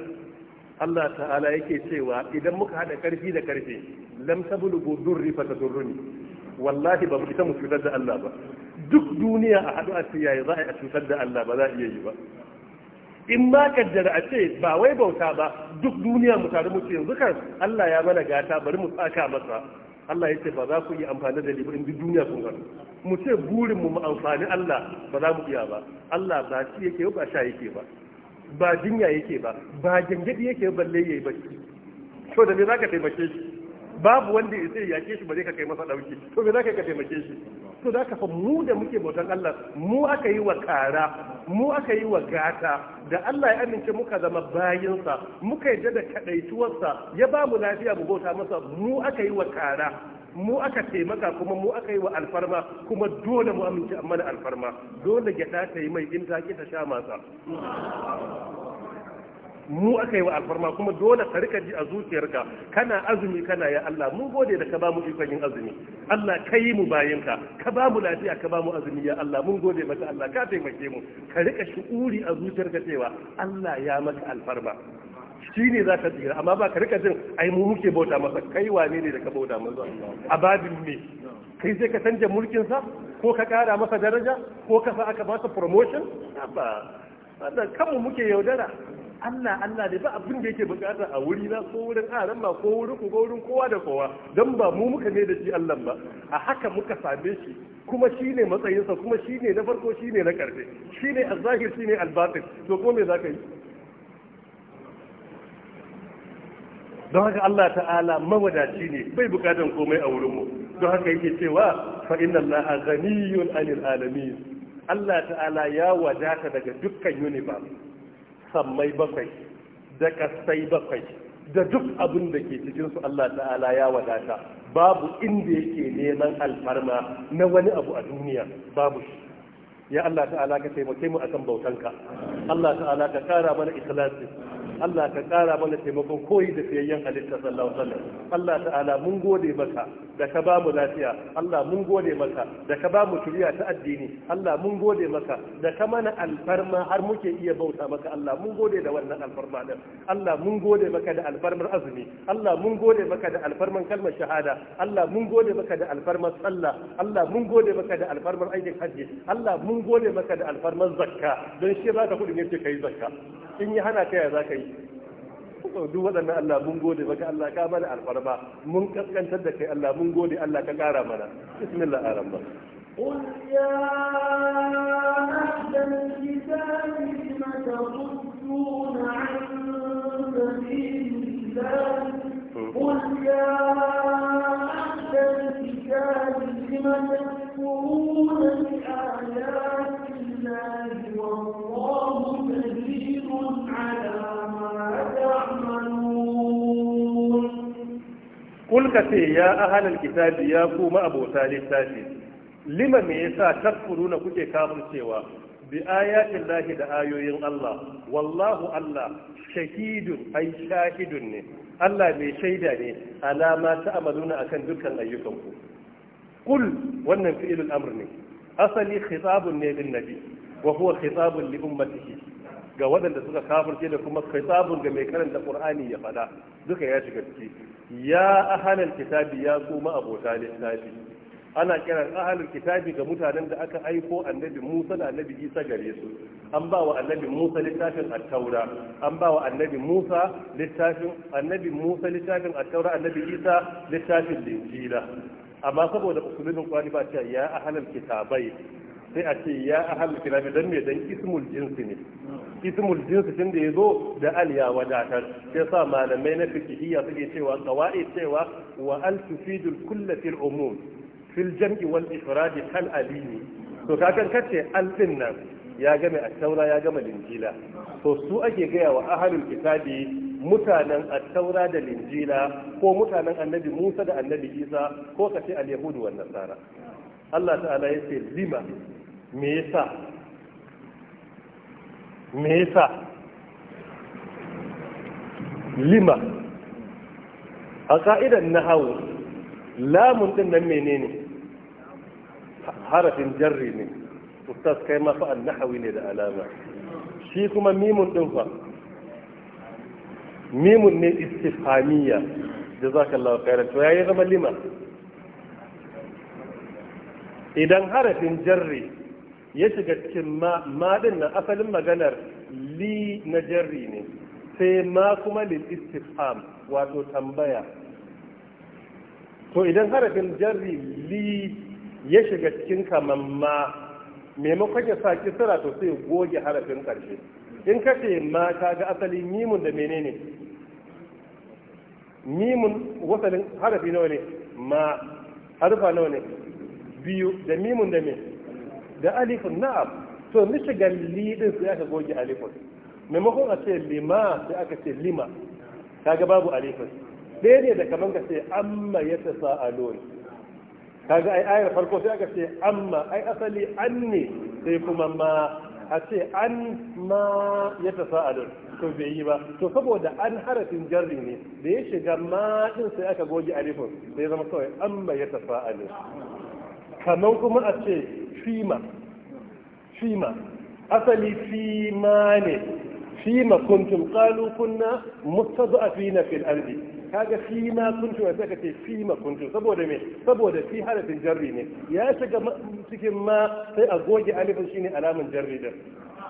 Speaker 1: Allah ta'ala yake cewa idan muka hada karfi da karfi lam tablugu durri fa tadurruni wallahi ba mu ita mu cutar da Allah ba duk duniya a haɗu a ce za a cutar da Allah ba za a iya yi ba in ma kaddara a ce ba wai bauta ba duk duniya mu tare mu ce yanzu kan Allah ya mana gata bari mu tsaka masa Allah ya ce ba za ku yi amfani da libin duk duniya kun gano mu ce burin mu mu amfani Allah ba za mu iya ba Allah ba shi yake ba sha yake ba ba jinya yake ba ba gangadi yake balle yayi bacci to da me zaka taimake shi babu wanda ya sai yake shi ba zai ka kai masa dauki to me zaka ka taimake shi to zaka fa mu da muke bautan Allah mu aka yi wa kara mu aka yi wa gata da Allah ya amince muka zama bayinsa muka yadda da kadaituwarsa ya ba mu lafiya mu bauta masa mu aka yi wa kara mu aka taimaka kuma mu aka yi wa alfarma kuma dole mu amince amma da alfarma dole gyada ta yi mai in ta ta sha masa mu aka yi wa alfarma kuma dole ka rika ji a zuciyarka kana azumi kana ya Allah mun gode da ka ba mu ikon yin azumi Allah ka yi mu bayinka ka ba mu lafiya ka ba mu azumi ya Allah mun gode maka Allah ka taimake mu ka rika uri a zuciyarka cewa Allah ya maka alfarma shi ne za ka tsira amma ba ka rika jin ai mu muke bauta masa kai wane ne da ka bauta masa a babin me kai sai ka canja mulkinsa ko ka kara masa daraja ko ka sa aka ba promotion ba kanmu muke yaudara Allah Allah ne ba abin da yake bukata a wuri na ko wurin aran ba ko wurin ko wurin kowa da kowa dan ba mu muka ne da shi Allah ba a haka muka same shi kuma shine matsayinsa kuma shine na farko shine na karfe shine azahir shine albatin to ko me zaka yi don haka Allah ta'ala mawadaci ne bai bukatan komai a wurinmu don haka yake cewa fa inna allaha ghaniyun anil alamin Allah ta'ala ya wadata daga dukkan universe sammai bakwai da ƙasai bakwai da duk abin da ke cikinsu Allah ta'ala ya wadata babu inda yake neman alfarma na wani abu a duniya babu shi ya Allah ta'ala ka taimake mu akan bautanka Allah ta'ala ka kara mana ikhlasi Allah ka ƙara mana taimakon koyi da fiyayyen halitta sallallahu alaihi wasallam Allah ta'ala mun gode maka da ka ba mu lafiya Allah mun gode maka da ka ba mu turiya ta addini Allah mun gode maka da ka mana alfarma har muke iya bauta maka Allah mun gode da wannan alfarma din Allah mun gode maka da alfarmar azumi Allah mun gode maka da alfarman kalmar shahada Allah mun gode maka da alfarmar sallah Allah mun gode maka da alfarmar aikin hajji Allah mun gode maka da alfarmar zakka don shi baka kudin yace kai zakka in ya hana ta ya zaka kai so duk waɗannan Allah mun gode maka Allah ka mana alfarma mun kaskantar da kai Allah mun gode Allah ka ƙara mana bismillah aramba
Speaker 2: قل يا أهل الكتاب لم تصدون عن سبيل الله قل
Speaker 1: Kul kase ya ahalar kitabi ya kuma abota littafi, Liman me yasa sa na kuke kamun cewa, bi ayatin lahi da ayoyin Allah, wallahu Allah, shahidun ai shahidun ne, Allah mai shaida ne, alama ta amaluna akan dukkan ayyukanku. Kul wannan fi'ilul amr ne, asali khitabun ne lin nabi wa huwa khitabun li ummatihi ga waɗanda suka kafirce da kuma khitabun ga mai karanta qur'ani ya fada duka ya shiga ciki ya ahlal kitabi ya kuma abota littafi ana kiran ahlul kitabi ga mutanen da aka aiko annabi Musa da annabi Isa gare su an ba wa annabi Musa littafin at-Taura an ba wa annabi Musa littafin annabi Musa littafin at-Taura annabi Isa littafin Injila amma saboda Usulun qur'ani ba ta ya ahlal kitabai sai a ce ya ahlal kitabai dan me dan ismul jinsi ne ismul jinsi tun da yazo da al ya wadatar sai sa malamai na fiqhiyya suke cewa qawaid cewa wa al tufidul kull fil umum fil jam'i wal ifrad kal alimi to kakan kace al din nan ya game a taura ya game linjila to su ake gaya wa ahalin kitabi mutanen attaura da linjila ko mutanen annabi musa da annabi isa ko ka ce al-yahudu wa nasara Allah ta'ala ya ce lima me yasa me yasa lima a ka'idan nahawu lamun din nan menene harafin jarri ne ustaz kai ma fa an nahawi ne da alama shi kuma mimun din fa mimun ne istifhamiyya jazakallahu khairan to yayi zama lima idan harafin jarri ya shiga cikin ma ma asalin maganar li na jarri ne sai ma kuma lil istifham wato tambaya to idan harafin jarri li ya shiga cikin kamar ma maimakon ya sa kisira to sai goge harafin karshe in ka ce ma ka ga asali mimun da menene mimun wasalin harafi nawa ne ma harfa nawa ne biyu da mimun da me da alifun na'am to shiga lidin sai aka goge alifun maimakon a ce lima sai aka ce lima kaga babu alifun ɗaya ne da kamar ka ce amma ya ta sa'alon kaga ai ayar farko sai aka ce amma ai asali an ne sai kuma ma a ce an ma ya tasa'alun to bai yi ba to saboda an harafin jarri ne da ya shiga ma din sai aka goge alifin sai zama kawai an ma ya tasa'alun kamar kuma a ce fima fima asali fima ne fima kuntum qalu kunna mustad'afina fil ardi kaga fi ma kuntu sai saka ce fi ma kuntu saboda me saboda fi harafin jarri ne ya shiga cikin ma sai a goge alifin shine alamin jarri da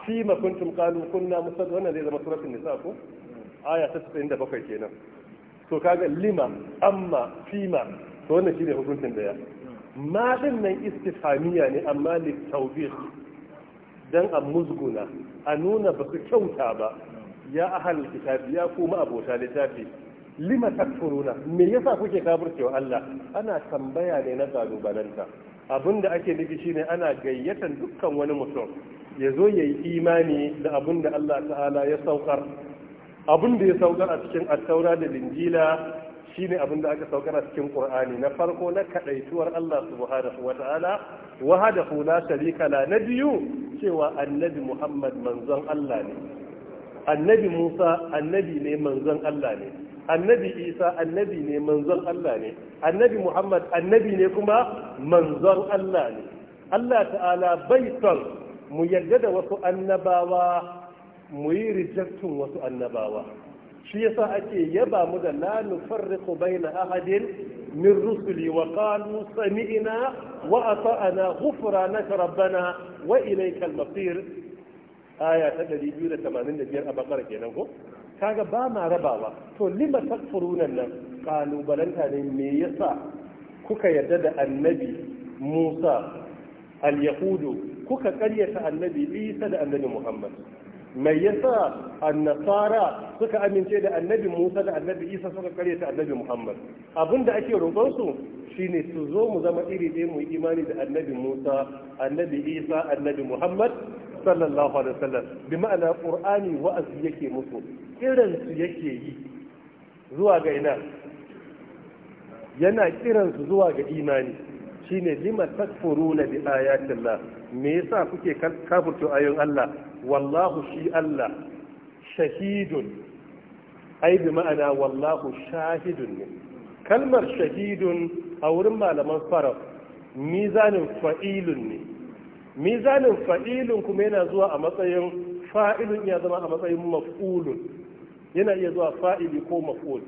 Speaker 1: fi ma tum kalu kunna musad wannan zai zama suratul nisa ko aya ta 67 kenan to kaga lima amma fi ma to wannan shine hukuncin da ya ma din nan istifhamiya ne amma li tawbih dan a musguna a nuna ba su kyauta ba ya ahal kitabi ya kuma abota littafi lima takfuruna me yasa kuke kafircewa Allah ana tambaya ne na kalubalanta abinda ake nufi shine ana gayyatan dukkan wani mutum ya zo ya yi imani da abinda Allah ta'ala ya saukar abinda ya saukar a cikin attaura da linjila shine da aka saukar a cikin qur'ani na farko na kadaituwar Allah subhanahu ta'ala, wahdahu la sharika la na biyu cewa annabi Muhammad manzon Allah ne annabi Musa annabi ne manzon Allah ne annabi isa annabi ne manzon Allah ne annabi muhammad annabi ne kuma manzon Allah ne Allah ta'ala bai son mu yarda da wasu annabawa mu yi rijaktun wasu annabawa shi yasa ake yaba mu da la nufarriqu baina ahadin min rusuli wa qalu sami'na wa ata'na ghufranaka rabbana wa ilaykal masir aya ta 285 a bakar kenan ko kaga ba ma rabawa to lima furunan nan kalubalanta ne me yasa kuka yarda da annabi Musa al-yahudu kuka karyata annabi Isa da annabi Muhammad mai yasa annasara suka amince da annabi Musa da annabi Isa suka karyata annabi Muhammad abinda ake roƙon su shine su zo mu zama iri ɗaya mu yi imani da annabi Musa annabi Isa annabi Muhammad sallallahu alaihi wasallam bi ma'ana qur'ani wa'azi yake musu kiran su yake yi zuwa ga ina yana kiran su zuwa ga imani shine lima takfuruna bi ayatillah me yasa kuke kafurto ayoyin Allah wallahu shi Allah shahidun ai bi ma'ana wallahu shahidun ne kalmar shahidun a wurin malaman faraf mizanin fa'ilun ne mizanin fa'ilun kuma yana zuwa a matsayin fa'ilun ya zama a matsayin maf'ulun yana iya zuwa fa'ili ko maf'ul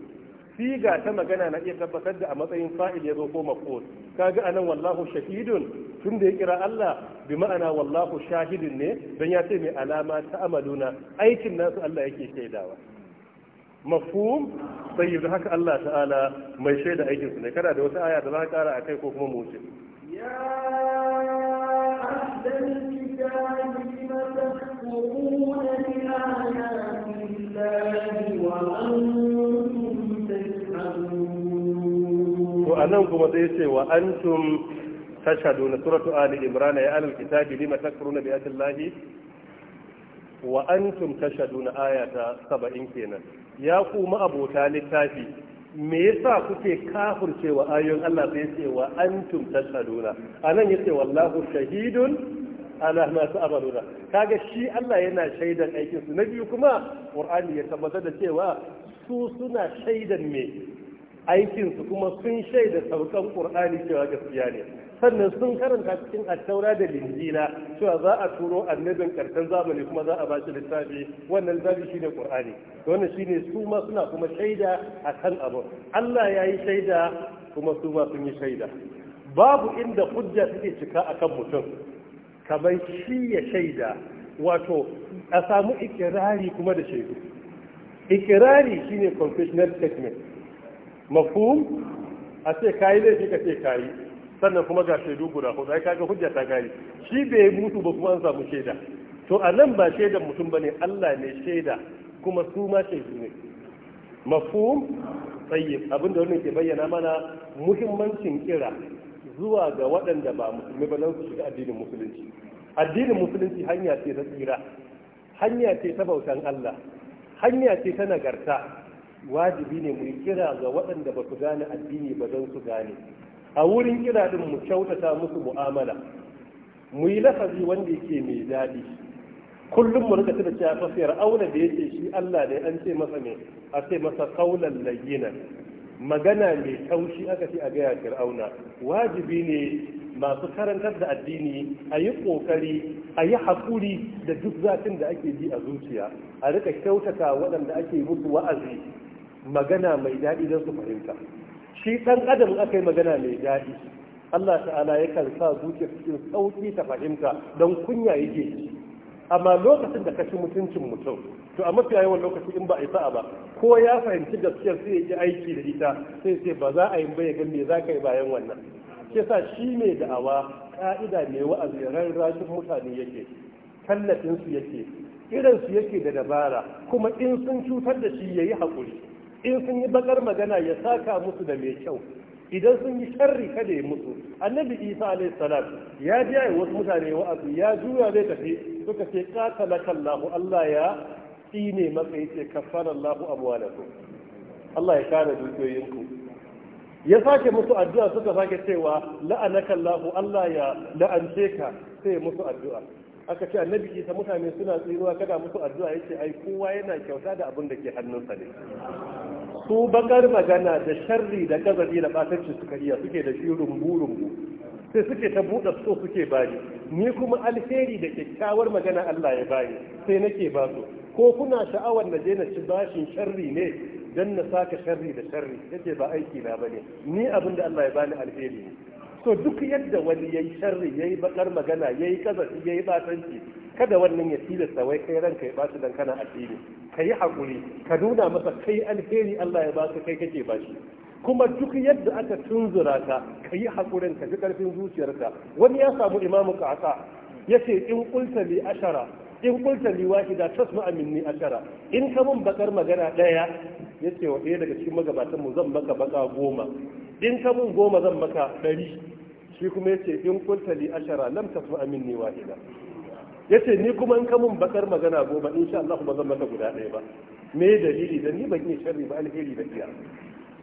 Speaker 1: siga ta magana na iya tabbatar da a matsayin fa'il ya zo ko maf'ul kaga anan wallahu shahidun tun da ya kira Allah bi ma'ana wallahu shahidun ne dan ya ce mai alama ta amaluna aikin nasu Allah yake shaidawa mafhum da haka Allah ta'ala mai shaida aikin su ne kada da wata aya da za ka kara akai ko kuma mu ya وأنهم كما تيسي وأنتم تشهدون سورة آل إمران يا أهل الكتاب لما تكفرون بآيات الله وأنتم تشهدون آية سبعين كينا يا قوم أبو تالي تاجي me yasa kuke kafircewa ayoyin Allah sai yace wa antum tashhaduna anan yace wallahu shahidun ala ma ta'maluna kaga shi Allah yana shaidan aikin su na biyu kuma Qur'ani ya tabbatar da cewa su suna shaidan me aikin su kuma sun shaida saukan Qur'ani cewa gaskiya ne sannan sun karanta cikin attaura da linjila cewa za a turo annabin karshen zamani kuma za a ba shi littafi wannan littafi shine qur'ani to wannan shine su ma suna kuma shaida akan abu Allah ya yi shaida kuma su ma sun yi shaida babu inda hujja take cika akan mutum kamar shi ya shaida wato a samu ikirari kuma da shaidu ikirari shine confessional statement mafhum a ce kayi laifi ka ce kayi sannan kuma ga shaidu guda hudu ai kaga hujja ta gari shi bai mutu ba kuma an samu shaida to a nan ba shaidan mutum bane Allah ne shaida kuma su ma shaidu ne mafhum tayyib abinda wannan ke bayyana mana muhimmancin kira zuwa ga waɗanda ba musulmi ba su shiga addinin musulunci addinin musulunci hanya ce ta tsira hanya ce ta bautan Allah hanya ce ta nagarta wajibi ne mu kira ga waɗanda ba su gane addini ba don su gane a wurin kira din mu kyautata musu mu'amala mu yi lafazi wanda yake mai daɗi kullum mu rika tuna cewa fasiyar auna da yake shi Allah ne an ce masa ne a ce masa kaulan layyina magana mai taushi aka ce a gaya fir'auna wajibi ne masu karantar da addini a yi ƙoƙari a yi haƙuri da duk zafin da ake ji a zuciya a rika kyautata waɗanda ake musu wa'azi magana mai daɗi don su fahimta shi ɗan adam aka yi magana mai daɗi Allah ta'ala yakan sa zuciya cikin sauƙi ta fahimta don kunya yake amma lokacin da kashi mutuncin mutum to a mafi yawan lokaci in ba a yi sa'a ba ko ya fahimci gaskiyar sai ya yi aiki da ita sai sai ba za a yi ba ya ga me za ka yi bayan wannan ke sa shi mai da'awa ka'ida mai wa'azi rarrashin mutane yake Tallafinsu yake Irinsu yake da dabara kuma in sun cutar da shi ya yi haƙuri in sun yi bakar magana ya saka musu da mai kyau idan sun yi sharri kada ya mutu annabi isa alayhi salam ya ji ayi wasu mutane wa'azi ya juya zai tafi suka ce qatalaka allah allah ya tsine maka yace kaffara allah amwalakum allah ya kare dukiyoyinku ya sake musu addu'a suka sake cewa la'anaka allah allah ya la'ance ka sai musu addu'a aka ce annabi isa mutane suna tsiruwa kada musu addu'a yace ai kowa yana kyauta da abin da ke hannunsa ne su bakar magana da sharri da kazari da batacci suka iya suke da shi rumbu rumbu sai suke ta buɗa so suke bani ni kuma alheri da kyakkyawar magana Allah ya bani sai nake ba su ko kuna sha'awar na je na ci bashin sharri ne dan na saka sharri da sharri yace ba aiki na bane ni abin da Allah ya bani alheri ne so duk yadda wani yayi sharri yayi bakar magana yayi kazari yayi batanci kada wannan ya tilasta wai kai ranka ya basu dan kana addini ka yi haƙuri ka nuna masa kai alheri Allah ya baka kai kake bashi kuma duk yadda aka tunzura ka ka yi haƙurin ka ji ƙarfin zuciyarka wani ya samu imamu kasa ya ce in kulta li ashara in kulta li wahida tasma minni ashara in ka mun bakar magana ɗaya ya ce wa ɗaya daga cikin magabatan mu zan maka baka goma in ka mun goma zan maka ɗari shi kuma ya ce in kulta li ashara lam tasma minni wahida ya ce ni kuma in ka bakar magana goma insha Allah ba zan mata guda ɗaya ba me dalili da ni ban iya sharri ba alheri da iya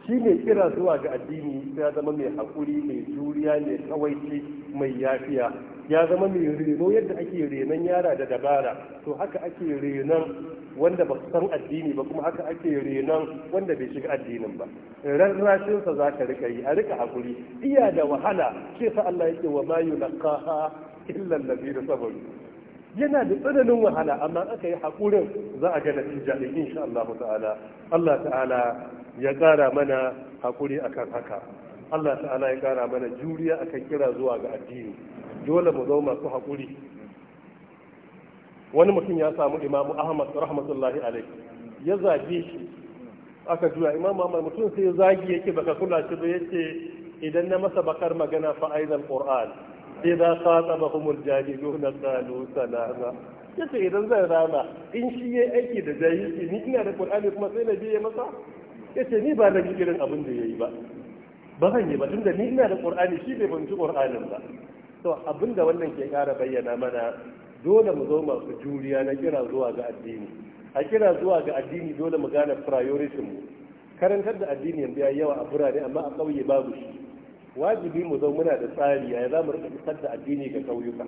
Speaker 1: shi ne kira zuwa ga addini ya zama mai haƙuri mai juriya mai kawaici mai yafiya ya zama mai reno yadda ake renon yara da dabara to haka ake renon wanda ba san addini ba kuma haka ake renon wanda bai shiga addinin ba rarrashinsa za ka rika yi a rika haƙuri iya da wahala shi sa Allah yake wa ma yulqaha illa da sabaru yana da tsananin wahala amma aka yi haƙurin za a ga natija ɗin insha Allah ta'ala Allah ta'ala ya ƙara mana haƙuri akan haka Allah ta'ala ya ƙara mana juriya akan kira zuwa ga addini dole mu zama masu haƙuri wani mutum ya samu imamu ahmad rahmatullahi alaihi ya zage shi aka juya imamu ahmad mutum sai ya zagi yake baka kula shi ba yace idan na masa bakar magana fa aidan qur'an ka idza khatabahum aljahiluna qalu salama yace idan zan rama in shi yayi aiki da jahilci ni ina da qur'ani kuma sai na biye masa yace ni ba na ji irin abin da yayi ba ba zan yi ba tunda ni ina da qur'ani shi bai fahimci qur'anin ba to abinda wannan ke kara bayyana mana dole mu zo masu juriya na kira zuwa ga addini a kira zuwa ga addini dole mu gane priority mu karantar da addini yanzu yayi yawa a birane amma a ƙauye babu shi wajibi mu zo muna da tsari ya za mu rika isar da addini ga ƙauyuka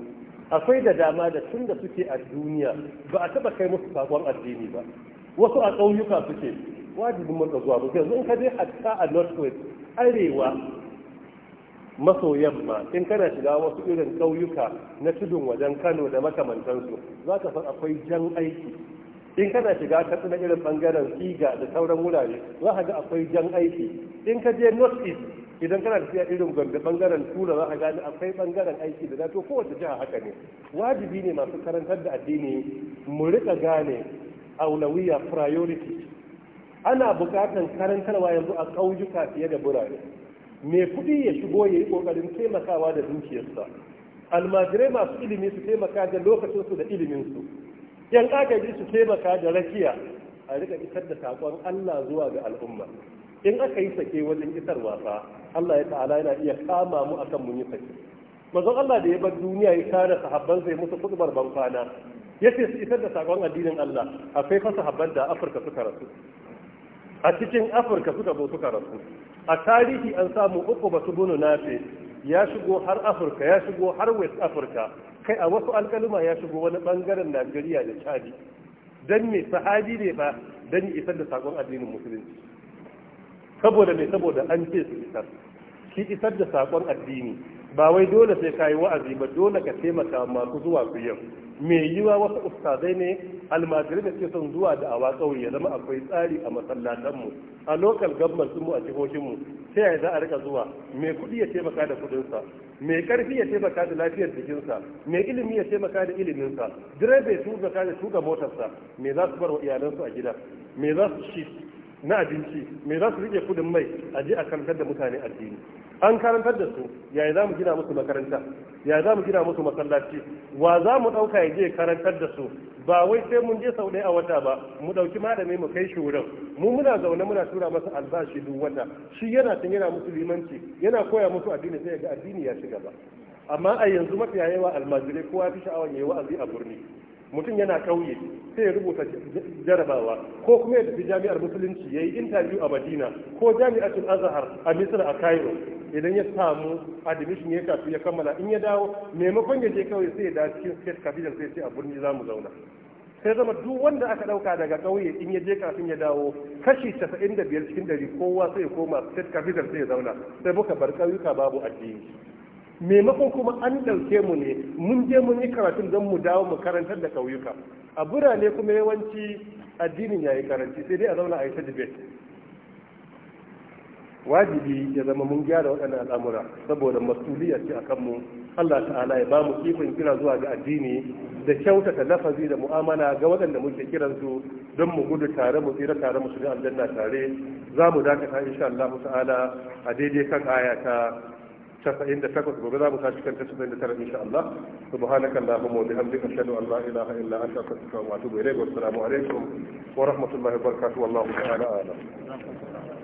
Speaker 1: akwai da dama da tun da suke a duniya ba a taba kai musu sakon addini ba wasu a ƙauyuka suke wajibin mu zuwa mu yanzu in ka je hatta a northwest arewa maso yamma in kana shiga wasu irin ƙauyuka na tudun wajen kano da makamantansu za ka san akwai jan aiki in kana shiga katsina tsina irin bangaren siga da sauran wurare za ka ga akwai jan aiki in ka je north east idan kana tafiya irin gombe bangaren tura za a gani akwai bangaren aiki da zato, kowace jiha haka ne wajibi ne masu karantar da addini mu rika gane aulawiya priority ana bukatan karantarwa yanzu a ƙauyuka fiye da birane mai kuɗi ya shigo ya yi ƙoƙarin taimakawa da dukiyarsa almajirai masu ilimi su taimaka da lokacinsu da iliminsu yan agaji su taimaka da rakiya a rika isar da saƙon allah zuwa ga al'umma in aka yi sake wajen isar wasa, Allah ya ta'ala yana iya kama mu akan mun yi sake manzon Allah da ya bar duniya ya kare sahabban sai musu kwana. bankwana yace su isar da sakon addinin Allah a fa sahabban da Afirka suka rasu a cikin Afirka suka zo suka rasu a tarihi an samu uku ba su nafe ya shigo har Afirka ya shigo har West Africa kai a wasu alkaluma ya shigo wani bangaren Najeriya da Chadi dan me sahabi ne ba dan isar da sakon addinin musulunci saboda mai saboda an ce su isar shi isar da sakon addini ba wai dole sai kayi wa'azi ba dole ka taimaka masu zuwa su yau mai yiwa wasu ustazai ne almajirai da ke son zuwa da awa kauye ya zama akwai tsari a masallatanmu a lokal government mu a jihohinmu sai ya za a rika zuwa mai kuɗi ya taimaka da kuɗinsa mai ƙarfi ya taimaka da lafiyar jikinsa mai ilimi ya taimaka da iliminsa direba ya taimaka da tuka motarsa me za su bar wa iyalansu a gida me za su ci na abinci mai za su rike kudin mai a je a karantar da mutane addini an karantar da su yaya za mu gina musu makaranta yaya za mu gina musu masallaci wa za mu ɗauka ya je karantar da su ba wai sai mun je sau ɗaya a wata ba mu ɗauki malami mu kai shi wurin mu muna zaune muna tura masa albashi duk wata shi yana tun yana musu limanci yana koya musu addini sai ga addini ya ci gaba amma a yanzu mafiya yawa almajirai kowa fi sha'awar yayi wa'azi a birni mutum yana kauye sai ya rubuta jarabawa ko kuma ya tafi jami'ar musulunci ya yi intabiyu a madina ko jami'atul azahar a misir a cairo idan ya samu admission ya kafi ya kammala in ya dawo maimakon ya je kauye sai ya dawo cikin state capital sai ce a birni za mu zauna sai zama duk wanda aka ɗauka daga kauye in ya je kafin ya dawo kashi da biyar cikin dari kowa sai ya koma state capital sai ya zauna sai muka bar ƙauyuka babu addini maimakon kuma an ɗauke mu ne mun je mun yi karatun don mu dawo mu karantar da ƙauyuka a birane kuma yawanci addinin ya yi karanci sai dai a zauna a yi ta wajibi ya zama mun gyara waɗannan al'amura saboda masuliya ce a kanmu Allah ta'ala ya ba mu ikon kira zuwa ga addini da kyautata lafazi da mu'amala ga waɗanda muke kiran su don mu gudu tare mu tsira tare mu shiga aljanna tare za mu dakata insha Allah ta'ala a daidai kan aya 98 gobe za mu tashi kan 99 insha Allah subhanaka allahumma wa bihamdika ashhadu an la ilaha illa anta astaghfiruka wa atubu wa assalamu alaikum wa rahmatullahi wa barakatuh